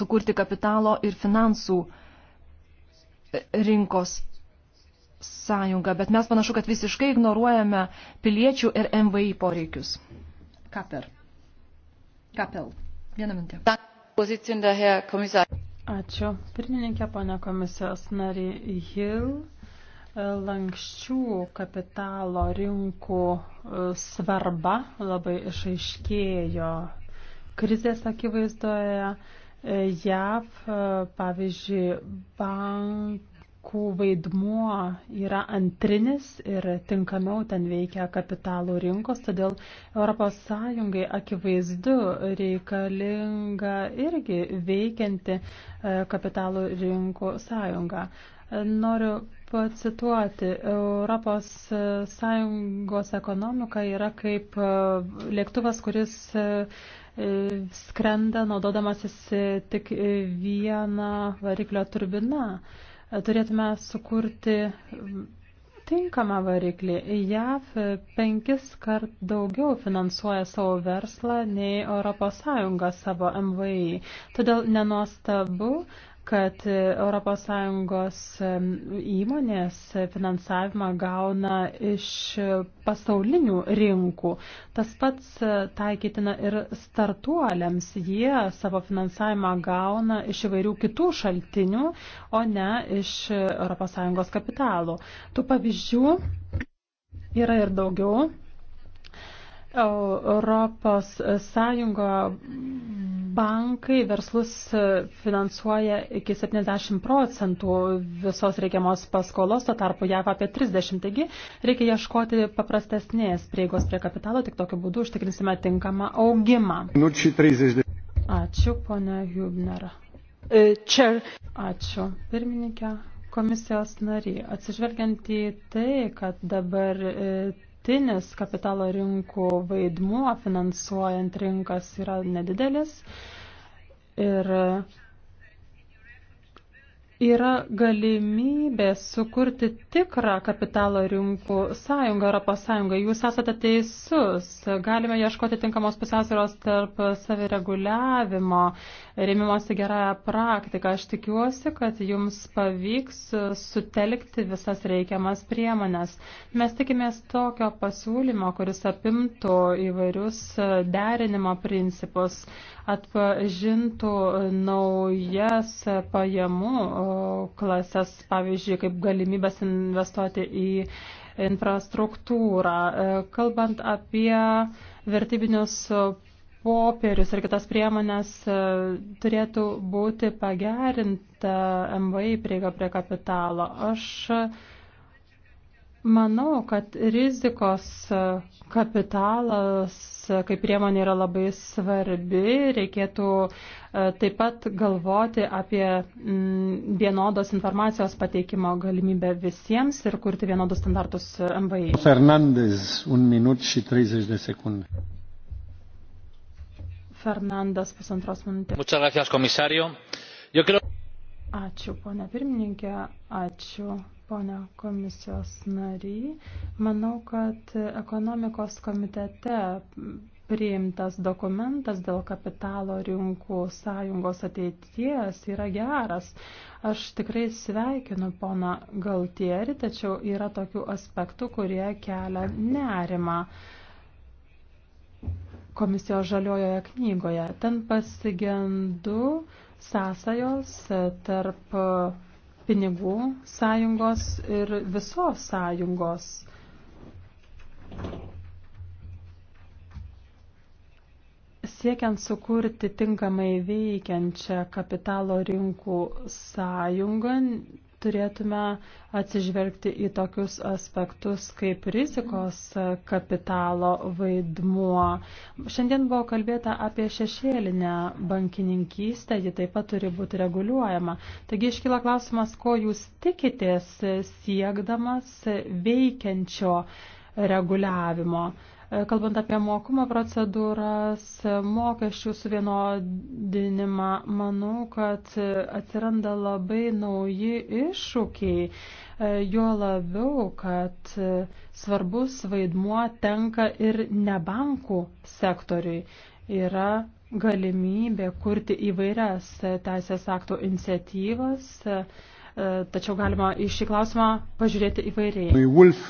sukurti kapitalo ir finansų e, rinkos sąjungą, bet mes panašu, kad visiškai ignoruojame piliečių ir MVI poreikius. Kaper. Kapel. Vieną mintį. Ačiū. Pirmininkė, pane komisijos nariai Hill, lankščių kapitalo rinkų e, svarba labai išaiškėjo krizės akivaizdoje. E, JAV, e, pavyzdžiui, bank bankų vaidmuo yra antrinis ir tinkamiau ten veikia kapitalų rinkos, todėl ES akivaizdu reikalinga irgi veikianti e, kapitalų rinkų sąjunga. Noriu pacituoti, ES ekonomika yra kaip e, lėktuvas, kuris e, skrenda naudodamasis tik vieną variklio turbiną turėtume sukurti tinkamą variklį. JAV penkis kart daugiau finansuoja savo verslą nei ES savo MVI. Todėl nenostabu, kad ES įmonės finansavimą gauna iš pasaulinių rinkų. Tas pats taikytina ir startuoliams. Jie savo finansavimą gauna iš įvairių kitų šaltinių, o ne iš ES kapitalų. Tų pavyzdžių yra ir daugiau. Europos Sąjungo bankai verslus finansuoja iki 70 procentų visos reikiamos paskolos, to tarpu JAV apie 30. Taigi reikia ieškoti paprastesnės prieigos prie kapitalo, tik tokiu būdu užtikrinsime tinkamą augimą. Ačiū, ponia Hübner. E, Ačiū, pirmininkė komisijos nariai. Atsižvelgiant į tai, kad dabar e, dabartinis kapitalo rinkų vaidmuo finansuojant rinkas yra nedidelis ir yra galimybė sukurti tikrą kapitalo rinkų sąjungą Europos Sąjungą. Jūs esate teisus. Galime ieškoti tinkamos pusiausvėros tarp savireguliavimo rėmimuosi gerąją praktiką. Aš tikiuosi, kad jums pavyks sutelkti visas reikiamas priemonės. Mes tikimės tokio pasiūlymo, kuris apimtų įvairius derinimo principus, atpažintų naujas pajamų klasės, pavyzdžiui, kaip galimybės investuoti į infrastruktūrą. Kalbant apie vertybinius popierius ir kitas priemonės e, turėtų būti pagerinta MVI prieiga prie kapitalo. Aš Manau, kad rizikos kapitalas kaip priemonė yra labai svarbi. Reikėtų e, taip pat galvoti apie mm, vienodos informacijos pateikimo galimybę visiems ir kurti vienodus standartus MVI. Fernandez, un minut și 30 de secunde. Fernandas pusantros minutės. Muchas gracias, komisario. Yo creo... Ačiū, ponia pirmininkė, ačiū, ponia komisijos nariai. Manau, kad ekonomikos komitete priimtas dokumentas dėl kapitalo rinkų sąjungos ateities yra geras. Aš tikrai sveikinu pona Galtieri, tačiau yra tokių aspektų, kurie kelia nerimą komisijos žaliojoje knygoje. Ten pasigendu sąsajos e, tarp e, pinigų sąjungos ir visos sąjungos. Siekiant sukurti tinkamai veikiančią kapitalo rinkų sąjungą, turėtume atsižvelgti į tokius aspektus kaip rizikos kapitalo vaidmuo. Šiandien buvo kalbėta apie šešėlinę bankininkystę, ji taip pat turi būti reguliuojama. Taigi iškyla klausimas, ko jūs tikitės siekdamas veikiančio reguliavimo. E, kalbant apie mokumo procedūras, mokesčių suvienodinimą, manau, kad atsiranda labai nauji iššūkiai, e, jo labiau, kad svarbus vaidmuo tenka ir ne bankų sektoriui. Yra galimybė kurti įvairias teisės aktų iniciatyvas, e, tačiau galima į šį klausimą pažiūrėti įvairiai. Wolf.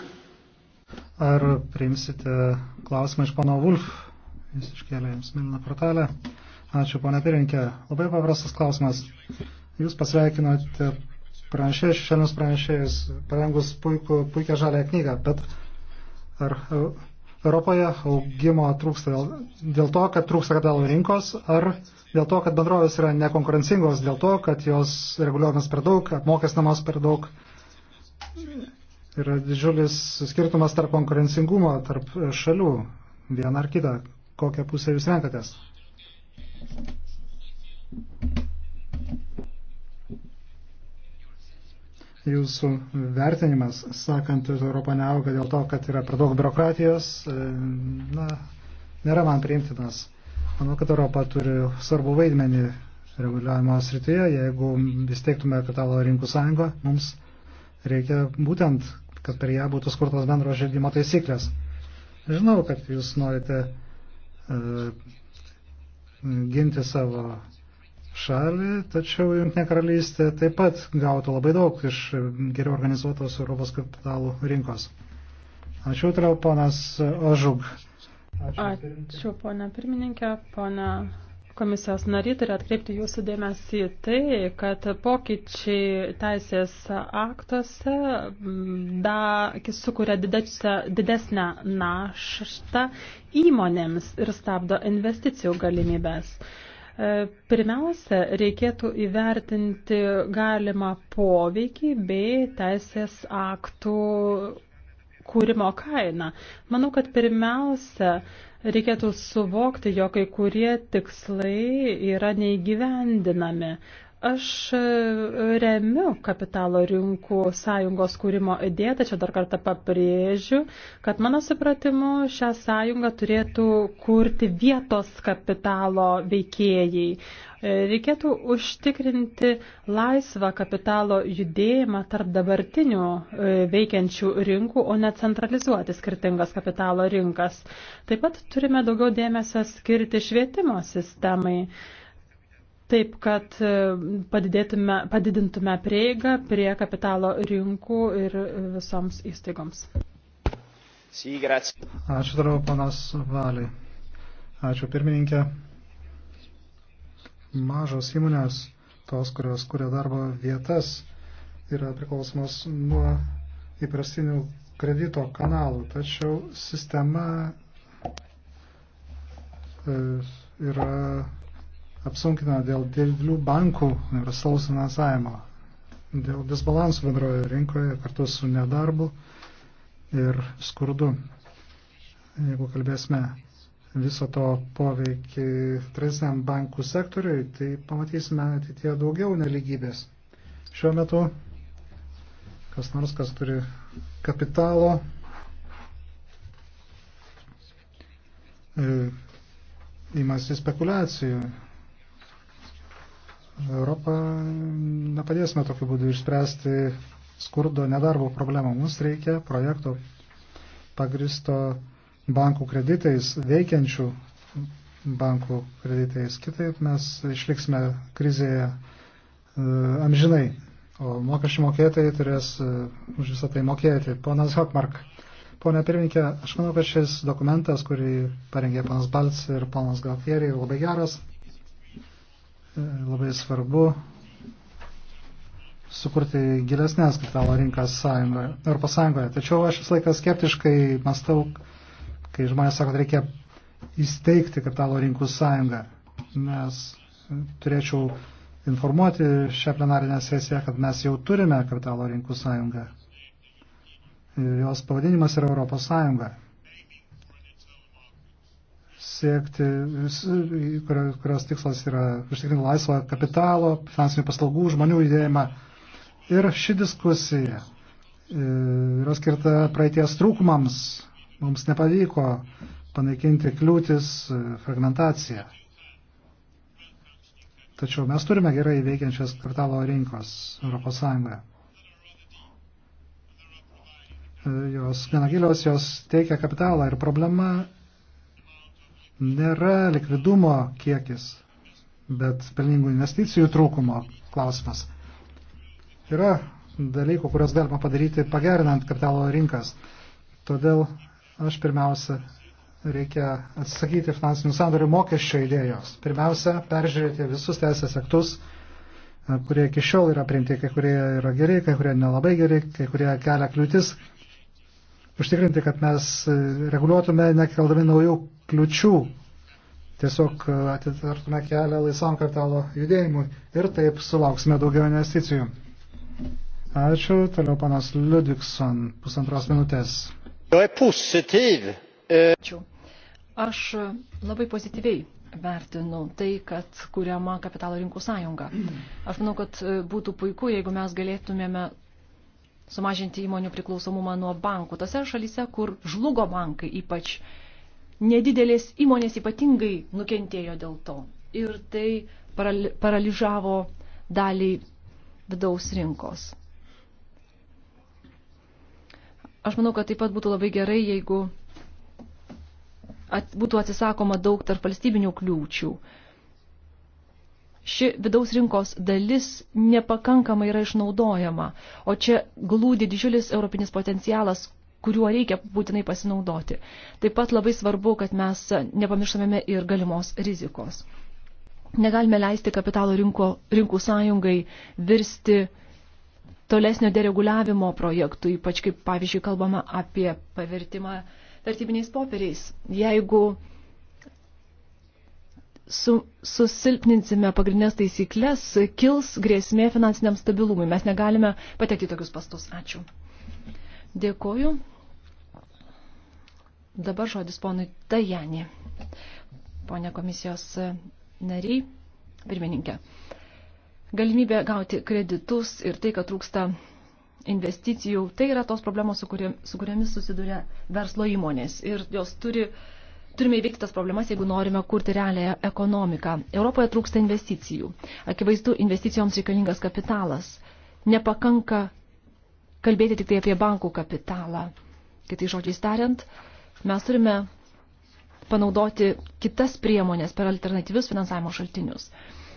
Ar priimsite klausimą iš pono Wolf? Jis iškėlė jums mininą protelę. Ačiū, ponė pirinkė. Labai paprastas klausimas. Jūs pasveikinote pranešėjus, šiandienos pranešėjus, parengus puikų, puikią žalę knygą, bet ar Europoje augimo trūksta dėl, dėl to, kad trūksta kapitalų rinkos, ar dėl to, kad bendrovės yra nekonkurencingos, dėl to, kad jos reguliuojamas per daug, apmokestinamas per daug yra didžiulis skirtumas tarp konkurencingumo, tarp e, šalių, vieną ar kitą, kokią pusę jūs renkatės. Jūsų vertinimas, sakant, Europą neauga dėl to, kad yra per daug biurokratijos, e, na, nėra man priimtinas. Manau, kad Europa turi svarbu vaidmenį reguliavimo srityje. Jeigu vis teiktume kapitalo rinkų sąjungą, mums reikia būtent kad per ją būtų skurtos bendros žaidimo taisyklės. Žinau, kad jūs norite e, ginti savo šalį, tačiau Junktinė karalystė taip pat gautų labai daug iš geriau organizuotos Europos kapitalų rinkos. Ačiū, toliau ponas Ožug. Ačiū, Ačiū ponia pirmininkė, ponia Komisijos nariai turi atkreipti jūsų dėmesį į tai, kad pokyčiai teisės aktuose mm, da, sukuria didesnę naštą įmonėms ir stabdo investicijų galimybės. E, pirmiausia, reikėtų įvertinti galimą poveikį bei teisės aktų kūrimo kainą. Manau, kad pirmiausia, Reikėtų suvokti, jog kai kurie tikslai yra neįgyvendinami. Aš e, remiu kapitalo rinkų sąjungos kūrimo idėją, tačiau dar kartą pabrėžiu, kad mano supratimu šią sąjungą turėtų kurti vietos kapitalo veikėjai. E, reikėtų užtikrinti laisvą kapitalo judėjimą tarp dabartinių e, veikiančių rinkų, o ne centralizuoti skirtingas kapitalo rinkas. Taip pat turime daugiau dėmesio skirti švietimo sistemai taip, kad e, padidintume prieigą prie kapitalo rinkų ir e, visoms įstaigoms. Ačiū darau, panas Valiai. Ačiū pirmininkė. Mažos įmonės, tos, kurios kuria darbo vietas, yra priklausomos nuo įprastinių kredito kanalų, tačiau sistema e, yra apsunkina dėl didelių bankų universalaus finansavimo, dėl disbalansų bendroje rinkoje kartu su nedarbu ir skurdu. Jeigu kalbėsime viso to poveikį tradiciniam bankų sektoriui, tai pamatysime ateitie daugiau neligybės. Šiuo metu kas nors, kas turi kapitalo, įmasi e, spekulacijų Europą nepadėsime tokiu būdu išspręsti skurdo nedarbo problemą. Mums reikia projekto pagristo bankų kreditais, veikiančių bankų kreditais. Kitaip mes išliksime krizėje e, amžinai, o mokesčių mokėtojai turės e, už visą tai mokėti. Ponas Hopmark, ponė pirmininkė, aš manau, kad šis dokumentas, kurį parengė panas Balts ir panas Galtieri, labai geras labai svarbu sukurti gilesnės kapitalo rinkas sąjungoje, Europos Sąjungoje. Tačiau aš vis laikas skeptiškai mastau, kai žmonės sako, kad reikia įsteigti kapitalo rinkų sąjungą, nes turėčiau informuoti šią plenarinę sesiją, kad mes jau turime kapitalo rinkų sąjungą. Jos pavadinimas yra Europos Sąjunga siekti, kurios, kurios tikslas yra užtikrinti laisvą kapitalo, finansinių paslaugų, žmonių judėjimą. Ir ši diskusija e, yra skirta praeities trūkumams. Mums nepavyko panaikinti kliūtis e, fragmentaciją. Tačiau mes turime gerai veikiančias kvartalo rinkos Europos Sąjungoje. E, jos gana gilios, jos teikia kapitalą ir problema nėra likvidumo kiekis, bet pelningų investicijų trūkumo klausimas. Yra dalykų, kurias galima padaryti pagerinant kapitalo rinkas. Todėl aš pirmiausia reikia atsisakyti finansinių sandorių mokesčio idėjos. Pirmiausia, peržiūrėti visus teisės aktus, kurie iki šiol yra priimti, kai kurie yra geri, kai kurie nelabai geri, kai kurie kelia kliūtis. Užtikrinti, kad mes reguliuotume, nekeldami naujų kliučių. Tiesiog atitartume kelią laisvam kapitalo judėjimui ir taip sulauksime daugiau investicijų. Ačiū. Toliau panas Ludvikson, pusantros minutės. Ačiū. Aš labai pozityviai vertinu tai, kad kuriama kapitalo rinkų sąjunga. Aš manau, kad būtų puiku, jeigu mes galėtumėme sumažinti įmonių priklausomumą nuo bankų. Tose šalyse, kur žlugo bankai, ypač nedidelės įmonės ypatingai nukentėjo dėl to. Ir tai paralyžavo dalį vidaus rinkos. Aš manau, kad taip pat būtų labai gerai, jeigu at, būtų atsisakoma daug tarp valstybinių kliūčių. Ši vidaus rinkos dalis nepakankamai yra išnaudojama, o čia glūdi didžiulis europinis potencialas, kuriuo reikia būtinai pasinaudoti. Taip pat labai svarbu, kad mes nepamirštumėme ir galimos rizikos. Negalime leisti kapitalo rinko, rinkų sąjungai virsti tolesnio dereguliavimo projektų, ypač kaip pavyzdžiui kalbama apie pavertimą vertybiniais popieriais. Jeigu su, susilpninsime pagrindinės taisyklės, kils grėsmė finansiniam stabilumui. Mes negalime patekti tokius pastus. Ačiū. Dėkoju. Dabar žodis ponui Tajani, ponė komisijos nariai, pirmininkė. Galimybė gauti kreditus ir tai, kad trūksta investicijų, tai yra tos problemos, su, kurie, su kuriamis susiduria verslo įmonės. Ir jos turi, turime įveikti tas problemas, jeigu norime kurti realią ekonomiką. Europoje trūksta investicijų. Akivaizdu, investicijoms reikalingas kapitalas. Nepakanka kalbėti tik tai apie bankų kapitalą. Kitai žodžiai tariant, mes turime panaudoti kitas priemonės per alternatyvius finansavimo šaltinius.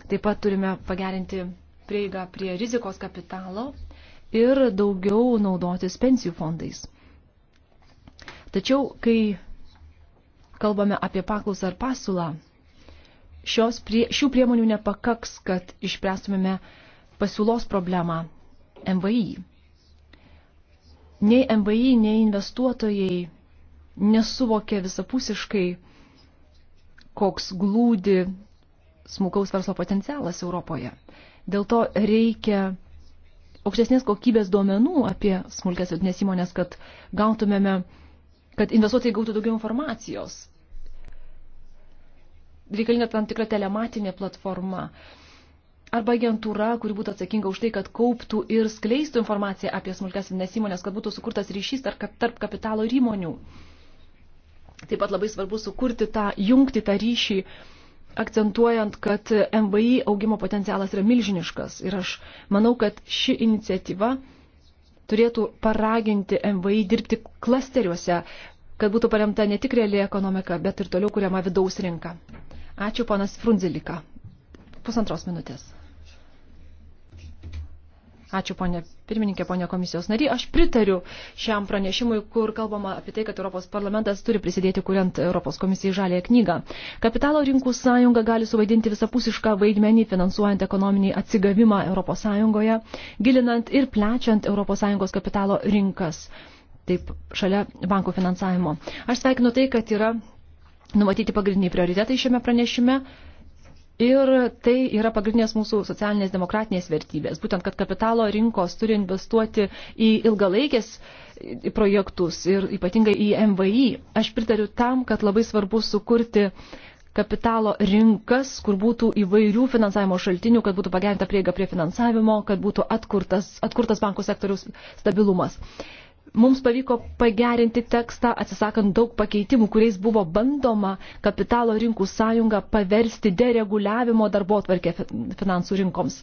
Taip pat turime pagerinti prieigą prie rizikos kapitalo ir daugiau naudotis pensijų fondais. Tačiau, kai kalbame apie paklausą ar pasiūlą, šios prie, šių priemonių nepakaks, kad išspręstumėme pasiūlos problemą MVI. Nei MVI, nei investuotojai nesuvokė visapusiškai, koks glūdi smulkaus verslo potencialas Europoje. Dėl to reikia aukštesnės kokybės duomenų apie smulkės vidinės įmonės, kad gautumėme, kad investuotojai gautų daugiau informacijos. Reikalinga tam tikra telematinė platforma arba agentūra, kuri būtų atsakinga už tai, kad kauptų ir skleistų informaciją apie smulkės vidinės įmonės, kad būtų sukurtas ryšys tarp kapitalo ir įmonių. Taip pat labai svarbu sukurti tą, jungti tą ryšį, akcentuojant, kad MVI augimo potencialas yra milžiniškas. Ir aš manau, kad ši iniciatyva turėtų paraginti MVI dirbti klasteriuose, kad būtų paremta ne tik realiai ekonomika, bet ir toliau kuriama vidaus rinka. Ačiū, ponas Frunzelika. Pusantros minutės. Ačiū, ponė pirmininkė, ponė komisijos nariai. Aš pritariu šiam pranešimui, kur kalbama apie tai, kad Europos parlamentas turi prisidėti, kuriant Europos komisijai žalėją knygą. Kapitalo rinkų sąjunga gali suvaidinti visapusišką vaidmenį, finansuojant ekonominį atsigavimą Europos sąjungoje, gilinant ir plečiant Europos sąjungos kapitalo rinkas. Taip, šalia bankų finansavimo. Aš sveikinu tai, kad yra numatyti pagrindiniai prioritetai šiame pranešime Ir tai yra pagrindinės mūsų socialinės demokratinės vertybės. Būtent, kad kapitalo rinkos turi investuoti į ilgalaikės projektus ir ypatingai į MVI. Aš pritariu tam, kad labai svarbu sukurti kapitalo rinkas, kur būtų įvairių finansavimo šaltinių, kad būtų pagerinta prieiga prie finansavimo, kad būtų atkurtas, atkurtas bankų sektoriaus stabilumas. Mums pavyko pagerinti tekstą, atsisakant daug pakeitimų, kuriais buvo bandoma kapitalo rinkų sąjungą paversti dereguliavimo darbo atvarkę finansų rinkoms.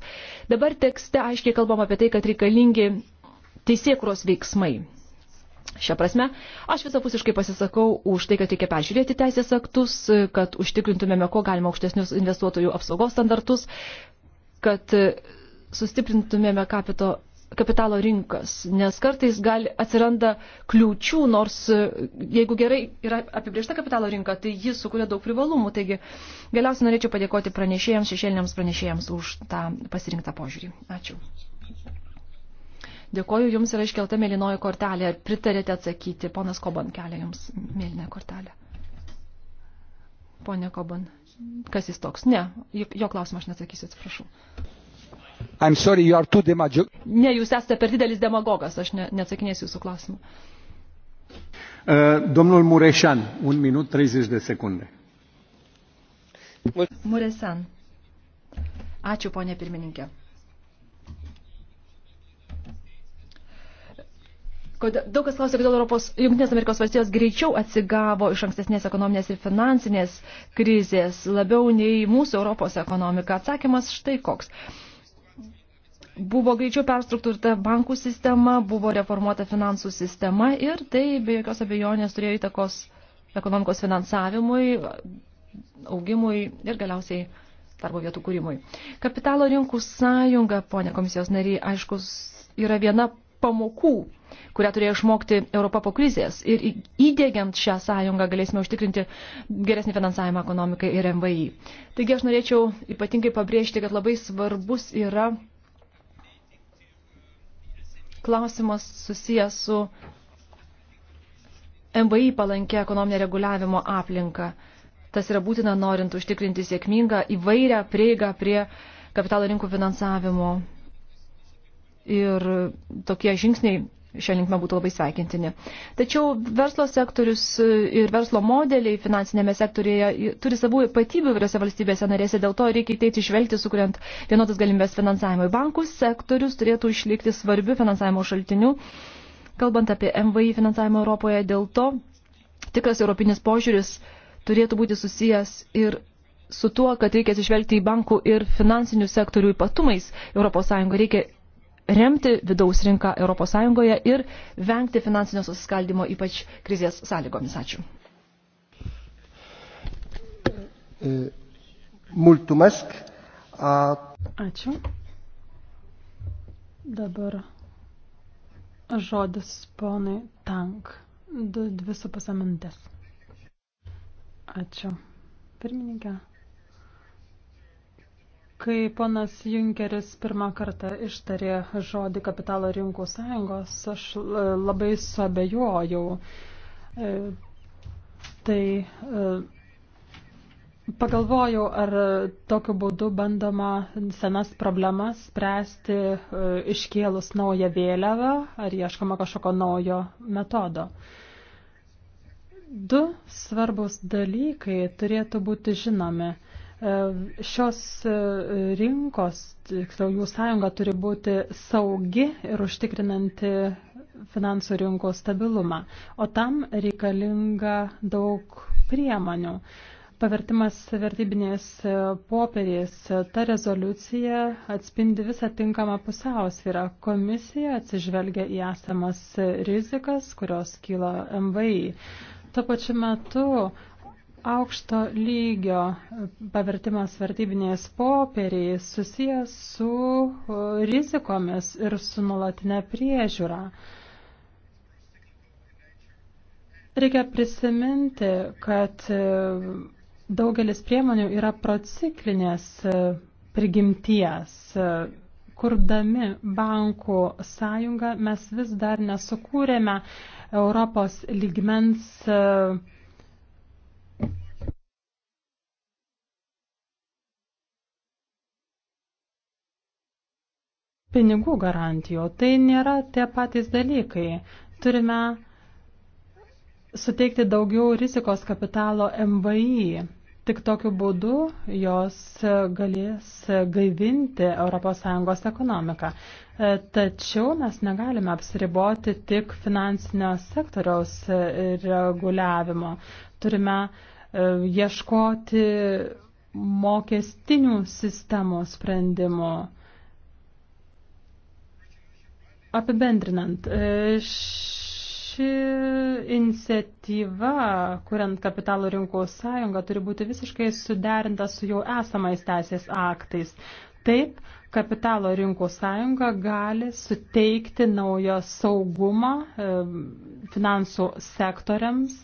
Dabar tekste aiškiai kalbam apie tai, kad reikalingi teisėkuros veiksmai. Šią prasme, aš visapusiškai pasisakau už tai, kad reikia peržiūrėti teisės aktus, kad užtikrintumėme, ko galima aukštesnius investuotojų apsaugos standartus, kad sustiprintumėme kapito kapitalo rinkas, nes kartais gali atsiranda kliūčių, nors e, jeigu gerai yra apibriešta kapitalo rinka, tai jis sukuria daug privalumų. Taigi galiausiai norėčiau padėkoti pranešėjams, šešėliniams pranešėjams už tą pasirinktą požiūrį. Ačiū. Dėkoju, jums yra iškelta mėlynoji kortelė. Ar pritarėte atsakyti? Ponas Koban kelia jums mėlyną kortelę. Pone Koban, kas jis toks? Ne, jo klausimą aš nesakysiu, atsiprašau. I'm sorry, you are too demagogue. Ne, jūs esate per didelis demagogas, aš ne, neatsakinėsiu jūsų klausimą. Uh, domnul Mureșan, un minut 30 de secunde. Mureșan. Ačiū, ponė pirmininkė. Daug kas klausė, kodėl Europos Junktinės Amerikos valstijos greičiau atsigavo iš ankstesnės ekonominės ir finansinės krizės, labiau nei mūsų Europos ekonomika. Atsakymas štai koks. Uh, buvo greičiau perstruktūrta bankų sistema, buvo reformuota finansų sistema ir tai be jokios abejonės turėjo įtakos ekonomikos finansavimui, augimui ir galiausiai darbo vietų kūrimui. Kapitalo rinkų sąjunga, ponė komisijos nariai, aiškus yra viena pamokų, kurią turėjo išmokti Europa po krizės. Ir įdėgiant šią sąjungą galėsime užtikrinti geresnį finansavimą ekonomikai ir MVI. Taigi aš norėčiau ypatingai pabrėžti, kad labai svarbus yra klausimas susijęs su MVI palankia ekonominė reguliavimo aplinka. Tas yra būtina norint užtikrinti sėkmingą įvairią prieigą prie kapitalo rinkų finansavimo. Ir tokie žingsniai šią linkmę būtų labai sveikintini. Tačiau verslo sektorius e, ir verslo modeliai finansinėme sektorėje turi savų ypatybių vyriose valstybėse narėse, dėl to reikia tai atsižvelgti, sukuriant vienodas galimybės finansavimui. Bankų sektorius turėtų išlikti svarbių finansavimo šaltinių, kalbant apie MVI finansavimą Europoje, dėl to tikras europinis požiūris turėtų būti susijęs ir su tuo, kad reikia atsižvelgti į bankų ir finansinių sektorių ypatumais ES. Reikia remti vidaus rinką ES ir vengti finansinio susiskaldimo, ypač krizės sąlygomis. Ačiū. E, Mulțumesc. A... Ačiū. Dabar žodis ponui Tank. Du, dvi su pusę minutės. Ačiū. Pirmininkė. Kai ponas Junkeris pirmą kartą ištarė žodį kapitalo rinkų sąjungos, aš e, labai suabejojau. E, tai e, pagalvojau, ar tokiu būdu bandoma senas problemas spręsti iškėlus naują vėliavą, ar ieškoma kažkokio naujo metodo. Du svarbus dalykai turėtų būti žinomi. Ehm, šios ehm, rinkos, tiksliau jų sąjunga, turi būti saugi ir užtikrinanti finansų rinkos stabilumą, o tam reikalinga daug priemonių. Pavertimas vertybinės ehm, popierės, ta rezoliucija atspindi visą tinkamą pusiausvyrą. Komisija atsižvelgia į esamas rizikas, kurios kyla MVI. Tuo pačiu metu aukšto lygio pavertimas vertybiniais popieriais susijęs su rizikomis ir su nulatinė priežiūra. Reikia prisiminti, kad e, daugelis priemonių yra prociklinės e, prigimties. E, kurdami bankų sąjungą mes vis dar nesukūrėme Europos lygmens Pinigų garantijų tai nėra tie patys dalykai. Turime suteikti daugiau rizikos kapitalo MVI. Tik tokiu būdu jos galės gaivinti ES ekonomiką. E, tačiau mes negalime apsiriboti tik finansinio sektoriaus e, reguliavimo. Turime e, ieškoti mokestinių sistemų sprendimų. Apibendrinant, š Ši iniciatyva, kuriant kapitalo rinkos sąjungą, turi būti visiškai suderinta su jau esamais teisės aktais. Taip, kapitalo rinkų sąjunga gali suteikti naują saugumą e, finansų sektoriams.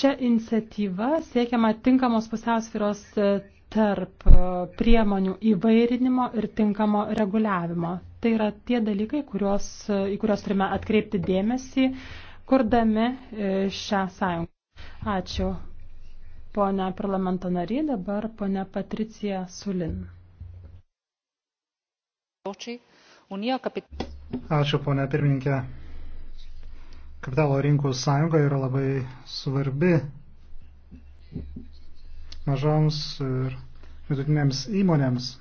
Šią iniciatyvą siekiama tinkamos pusiausvyros e, tarp e, priemonių įvairinimo ir tinkamo reguliavimo. Tai yra tie dalykai, kuriuos, į kuriuos turime atkreipti dėmesį, kurdami e, šią sąjungą. Ačiū, ponia parlamento nary, dabar ponia Patricija Sulin. Ačiū, ponia pirmininkė. Kapitalo rinkų sąjunga yra labai svarbi mažoms ir vidutinėms įmonėms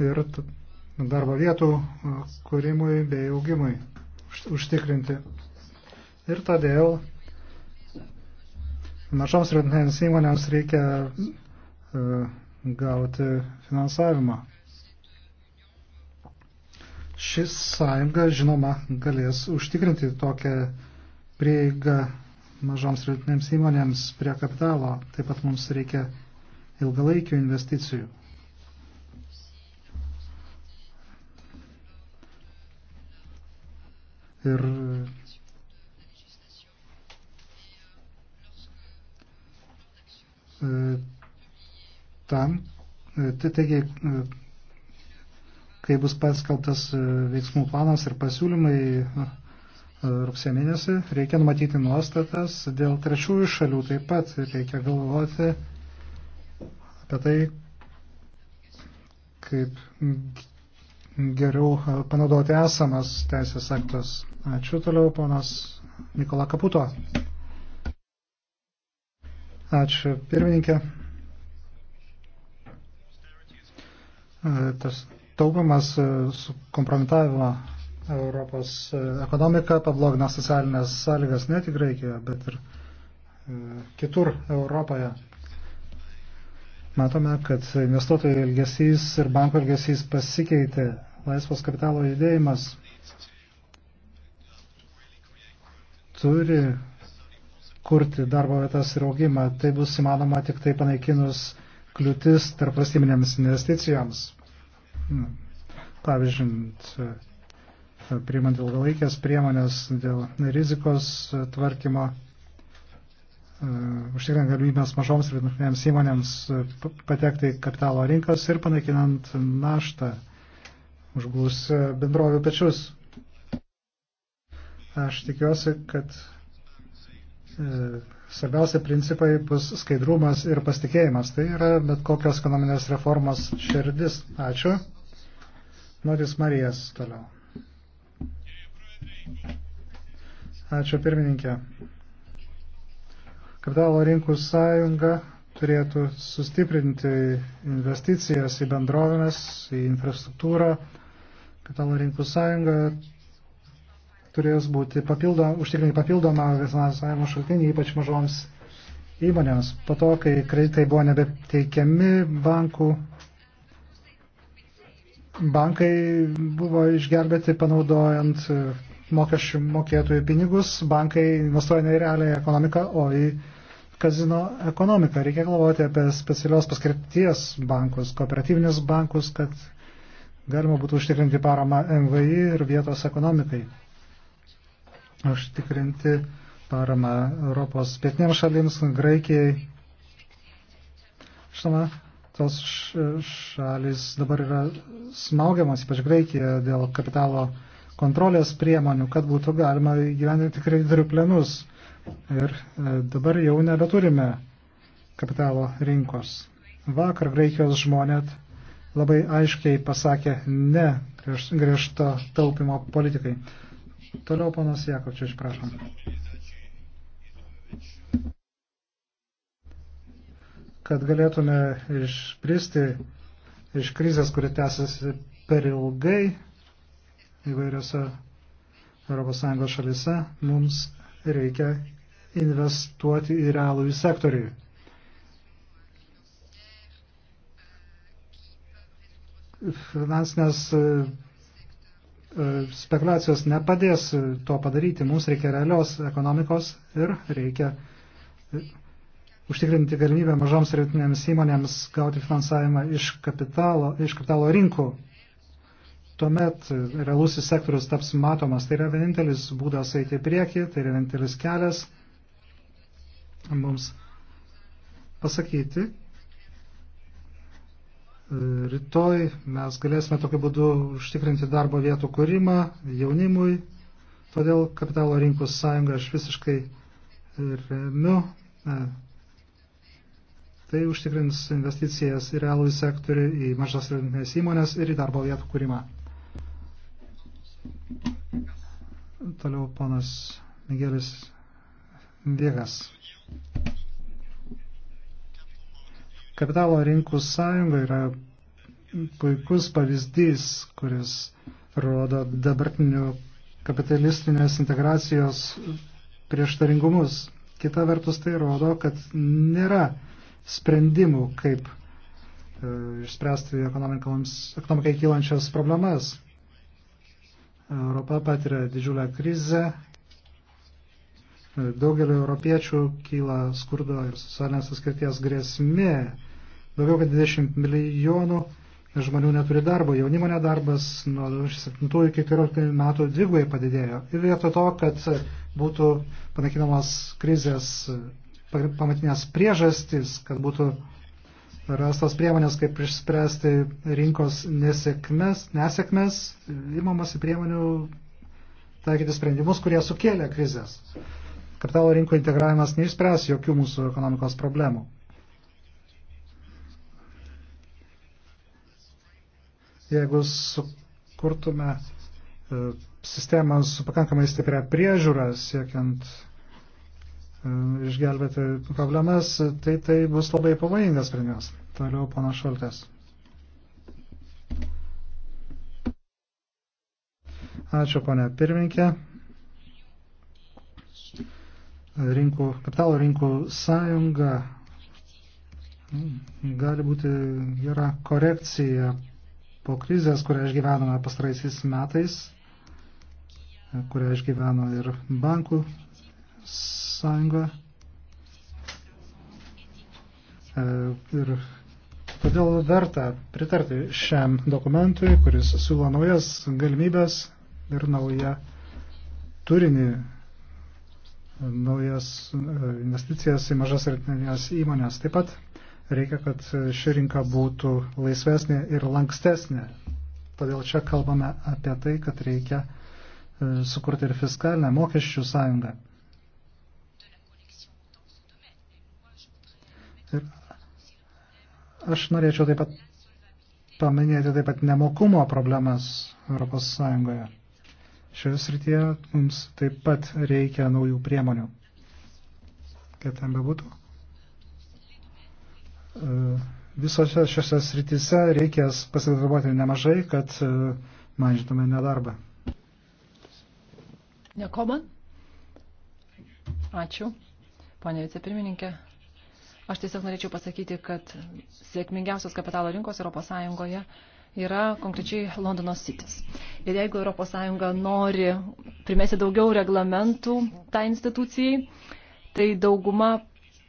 ir darbo vietų kūrimui bei augimui užtikrinti. Ir todėl mažoms ir vidutinėms įmonėms reikia gauti finansavimą. Šis sąjunga, žinoma, galės užtikrinti tokią prieigą mažoms ir vidutinėms įmonėms prie kapitalo. Taip pat mums reikia ilgalaikių investicijų. ir tam, tai taigi, kai bus paskelbtas veiksmų planas ir pasiūlymai rugsėjo mėnesį, reikia numatyti nuostatas dėl trečiųjų šalių taip pat, reikia galvoti apie tai, kaip geriau e, panaudoti esamas teisės aktus. Ačiū toliau, ponas Nikola Kaputo. Ačiū, pirmininkė. E, tas taupimas e, kompromitavimo Europos ekonomiką pablogina socialinės sąlygas ne tik Graikijoje, bet ir kitur Europoje matome, kad investuotojų elgesys ir bankų elgesys pasikeitė. Laisvos kapitalo judėjimas turi kurti darbo vietas ir augimą. Tai bus įmanoma tik tai panaikinus kliūtis tarp valstybinėms investicijoms. Hmm. Pavyzdžiui, priimant ilgalaikės priemonės dėl rizikos tvarkymo E, užtikrinant galimybės mažoms ir vidutinėms įmonėms e, patekti į kapitalo rinkas ir panaikinant naštą užglūs e, bendrovių pečius. Aš tikiuosi, kad e, svarbiausia principai bus skaidrumas ir pasitikėjimas. Tai yra bet kokios ekonominės reformos širdis. Ačiū. Noris Marijas toliau. Ačiū pirmininkė. Kapitalo rinkų sąjunga turėtų sustiprinti investicijas į bendrovėmis, į infrastruktūrą. Kapitalo rinkų sąjunga turės būti papildom, užtikrinti papildomą finansavimo šaltinį, ypač mažoms įmonėms. Po to, kai kreditai buvo nebeteikiami bankų, bankai buvo išgelbėti panaudojant mokesčių mokėtojų pinigus, bankai investuoja ne į realią ekonomiką, o į kazino ekonomiką. Reikia galvoti apie specialios paskirties bankus, kooperatyvinius bankus, kad galima būtų užtikrinti paramą MVI ir vietos ekonomikai. Užtikrinti paramą Europos pietinėms šalims, Graikijai. Žinoma, tos šalis dabar yra smaugiamas, ypač Graikija, dėl kapitalo kontrolės priemonių, kad būtų galima gyventi kreditorių plenus. Ir e, dabar jau nebeturime kapitalo rinkos. Vakar Graikijos žmonės labai aiškiai pasakė ne prieš griežto taupimo politikai. Toliau panas Jakovčius, prašom. Kad galėtume išpristi iš krizės, kuri tęsiasi per ilgai įvairiose ES šalise, mums reikia investuoti į realų į sektorių. Finansinės e, spekulacijos nepadės to padaryti. Mums reikia realios ekonomikos ir reikia e, užtikrinti galimybę mažoms ir vidutinėms įmonėms gauti finansavimą iš kapitalo, iš kapitalo rinkų. Tuomet realusis sektorius taps matomas. Tai yra vienintelis būdas eiti į priekį, tai yra vienintelis kelias mums pasakyti. Rytoj mes galėsime tokiu būdu užtikrinti darbo vietų kūrimą jaunimui, todėl kapitalo rinkų sąjungą aš visiškai remiu. E, tai užtikrins investicijas į realų sektorių, į mažas ir vidutinės įmonės ir į darbo vietų kūrimą. Toliau panas Miguelis Viegas. Kapitalo rinkų sąjunga yra puikus pavyzdys, kuris rodo dabartinių kapitalistinės integracijos prieštaringumus. Kita vertus tai rodo, kad nėra sprendimų, kaip e, išspręsti ekonomikai kylančias problemas. Europa patiria didžiulę krizę, daugeliu europiečių kyla skurdo ir socialinės atskirties grėsmė Daugiau kaip 20 milijonų žmonių neturi darbo. Jaunimo nedarbas nuo 2007 iki 2014 metų dvigubai padidėjo. Ir vietoj to, kad būtų panaikinamos krizės pamatinės priežastys, kad būtų rastos priemonės, kaip išspręsti rinkos nesėkmes, nesėkmes imamasi priemonių taikyti sprendimus, kurie sukėlė krizės. Kapitalo rinkų integravimas neišspręs jokių mūsų ekonomikos problemų. jeigu sukurtume e, sistemą su pakankamai stipria priežiūra, siekiant e, išgelbėti problemas, tai tai bus labai pavojingas sprendimas. Toliau pana Šaltės. Ačiū, ponė pirminkė. Rinkų, kapitalo rinkų sąjunga gali būti gera korekcija Po krizės, kurią išgyvenome pastaraisiais metais, kurią išgyveno ir bankų sąjunga. E, ir todėl verta pritarti šiam dokumentui, kuris siūlo naujas galimybės ir naują turinį, naujas e, investicijas į mažas ir įmonės. Taip pat Reikia, kad ši rinka būtų laisvesnė ir lankstesnė. Todėl čia kalbame apie tai, kad reikia e, sukurti ir fiskalinę mokesčių sąjungą. Ir aš norėčiau taip pat paminėti taip pat nemokumo problemas Europos Sąjungoje. Šioje srityje mums taip pat reikia naujų priemonių. Kaip ten bebūtų? Visose šiose srityse reikės pasidarbuoti nemažai, kad e, mažintume nedarbą. Nekoma? Ačiū. Pane vicepirmininkė, aš tiesiog norėčiau pasakyti, kad sėkmingiausios kapitalo rinkos ES yra konkrečiai Londono sitis. Ir jeigu ES nori primesti daugiau reglamentų tą tai institucijai, tai dauguma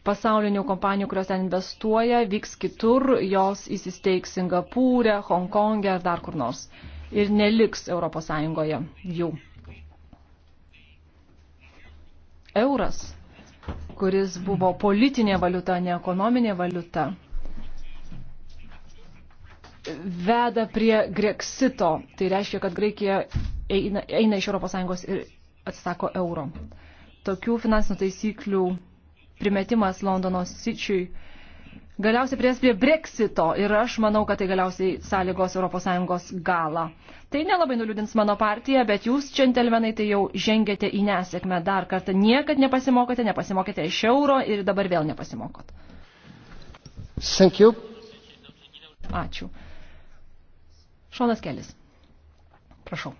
pasaulinių kompanijų, kurios ten investuoja, vyks kitur, jos įsisteigs Singapūrė, Hongkongė ar dar kur nors. Ir neliks Europos Sąjungoje jų. Euras, kuris buvo politinė valiuta, ne ekonominė valiuta, veda prie Grexito. Tai reiškia, kad Graikija eina, eina iš Europos Sąjungos ir atsisako euro. Tokių finansinių taisyklių primetimas Londono sičiui galiausiai prieės prie breksito ir aš manau, kad tai galiausiai sąlygos ES galą. Tai nelabai nuliūdins mano partiją, bet jūs, džentelmenai, tai jau žengėte į nesėkmę dar kartą. Niekad nepasimokėte, nepasimokėte iš euro ir dabar vėl nepasimokot. Thank you. Ačiū. Šonas Kelis. Prašau.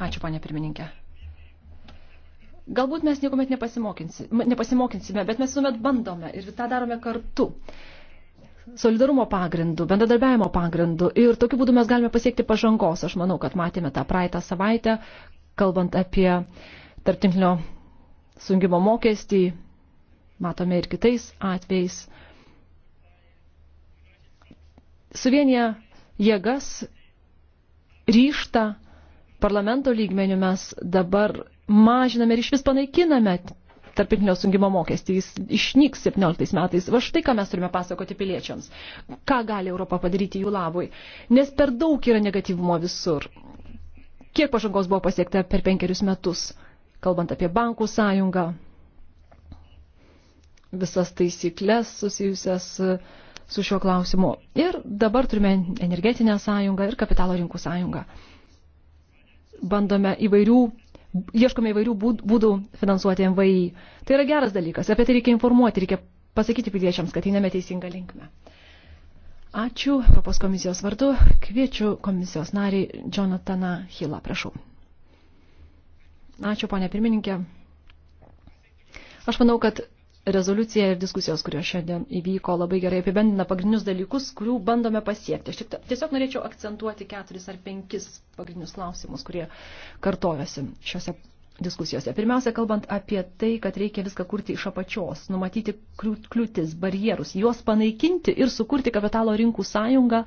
Ačiū, panė pirmininkė. Galbūt mes niekuomet nepasimokinsime, bet mes visuomet bandome ir tą darome kartu. Solidarumo pagrindu, bendradarbiavimo pagrindu ir tokiu būdu mes galime pasiekti pažangos. Aš manau, kad matėme tą praeitą savaitę, kalbant apie tarptinklinio sungimo mokestį, matome ir kitais atvejais. Suvienyje jėgas ryštą parlamento lygmenių mes dabar mažiname ir iš vis panaikiname tarptautinio sungimo mokestį, jis išnyks 17 metais. Va štai ką mes turime pasakoti piliečiams. Ką gali Europa padaryti jų labui? Nes per daug yra negatyvumo visur. Kiek pažangos buvo pasiekta per penkerius metus, kalbant apie bankų sąjungą, visas taisyklės susijusias e, su šiuo klausimu. Ir dabar turime energetinę sąjungą ir kapitalo rinkų sąjungą. Bandome įvairių ieškome įvairių būdų finansuoti MVI. Tai yra geras dalykas, apie tai reikia informuoti, reikia pasakyti piliečiams, kad einame teisingą linkmę. Ačiū Europos komisijos vardu, kviečiu komisijos narį Jonataną Hillą, prašau. Ačiū, ponė pirmininkė. Aš manau, kad rezoliucija ir diskusijos, kurios šiandien įvyko, labai gerai apibendina pagrindinius dalykus, kurių bandome pasiekti. Aš tiesiog norėčiau akcentuoti keturis ar penkis pagrindinius klausimus, kurie kartojosi šiuose diskusijose. Pirmiausia, kalbant apie tai, kad reikia viską kurti iš apačios, numatyti kliūtis, barjerus, juos panaikinti ir sukurti kapitalo rinkų sąjungą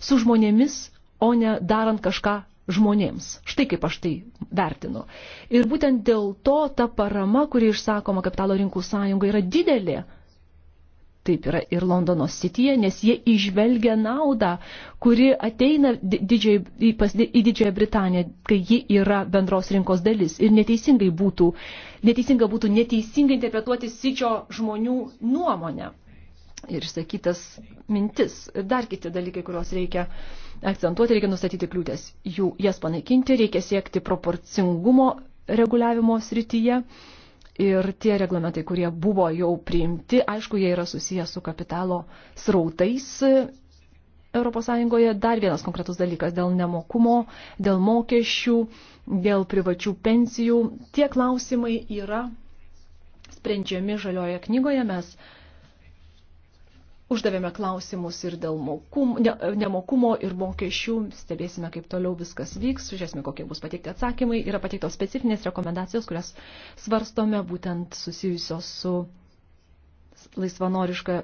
su žmonėmis, o ne darant kažką žmonėms. Štai kaip aš tai vertinu. Ir būtent dėl to ta parama, kuri išsakoma kapitalo rinkų sąjunga, yra didelė. Taip yra ir Londono sityje, nes jie išvelgia naudą, kuri ateina didžiai, į, pas, į Didžiąją Britaniją, kai ji yra bendros rinkos dalis. Ir neteisingai būtų, neteisinga būtų neteisingai interpretuoti sičio žmonių nuomonę ir išsakytas mintis. Ir dar kiti dalykai, kuriuos reikia akcentuoti, reikia nustatyti kliūtės, jų jas panaikinti, reikia siekti proporcingumo reguliavimo srityje. Ir tie reglamentai, kurie buvo jau priimti, aišku, jie yra susiję su kapitalo srautais ES. Dar vienas konkretus dalykas dėl nemokumo, dėl mokesčių, dėl privačių pensijų. Tie klausimai yra sprendžiami žalioje knygoje. Mes uh, Uždavėme klausimus ir dėl mokum, ne, nemokumo ir mokesčių, stebėsime, kaip toliau viskas vyks, žiūrėsime, kokie bus pateikti atsakymai. Yra pateiktos specifinės rekomendacijos, kurias svarstome būtent susijusios su laisvanoriško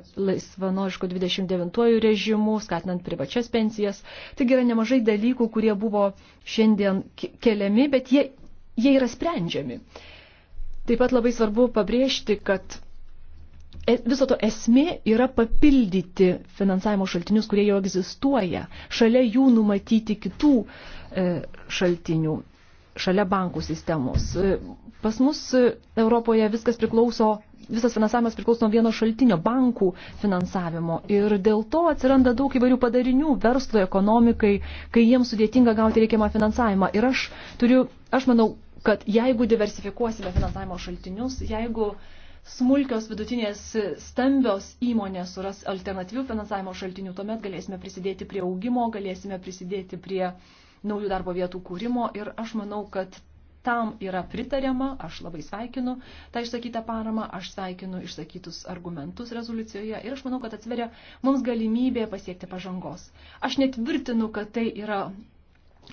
29 režimu, skatinant privačias pensijas. Taigi yra nemažai dalykų, kurie buvo šiandien keliami, bet jie, jie yra sprendžiami. Taip pat labai svarbu pabrėžti, kad E, viso to esmė yra papildyti finansavimo šaltinius, kurie jau egzistuoja, šalia jų numatyti kitų e, šaltinių, šalia bankų sistemos. E, pas mus Europoje viskas priklauso, visas finansavimas priklauso nuo vieno šaltinio, bankų finansavimo. Ir dėl to atsiranda daug įvairių padarinių verslo, ekonomikai, kai jiems sudėtinga gauti reikiamą finansavimą. Ir aš turiu, aš manau, kad jeigu diversifikuosime finansavimo šaltinius, jeigu uh, smulkios, vidutinės, stambios įmonės suras alternatyvių finansavimo šaltinių, tuomet galėsime prisidėti prie augimo, galėsime prisidėti prie naujų darbo vietų kūrimo ir aš manau, kad tam yra pritariama, aš labai sveikinu tą išsakytą paramą, aš sveikinu išsakytus argumentus rezoliucijoje ir aš manau, kad atsveria mums galimybė pasiekti pažangos. Aš netvirtinu, kad tai yra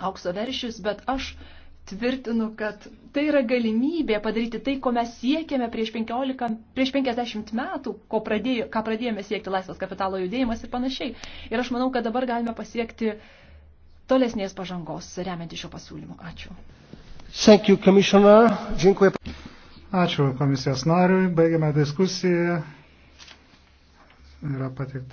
aukso veršis, bet aš uh, tvirtinu, kad tai yra galimybė padaryti tai, ko mes siekėme prieš, 15, prieš 50 metų, ko pradėjo, ką pradėjome siekti laisvas kapitalo judėjimas ir panašiai. Ir aš manau, kad dabar galime pasiekti tolesnės pažangos remiant šio pasiūlymo. Ačiū. Thank you, Commissioner. Dziękuję. Ačiū komisijos nariui. Baigiame diskusiją. Yra pateikta.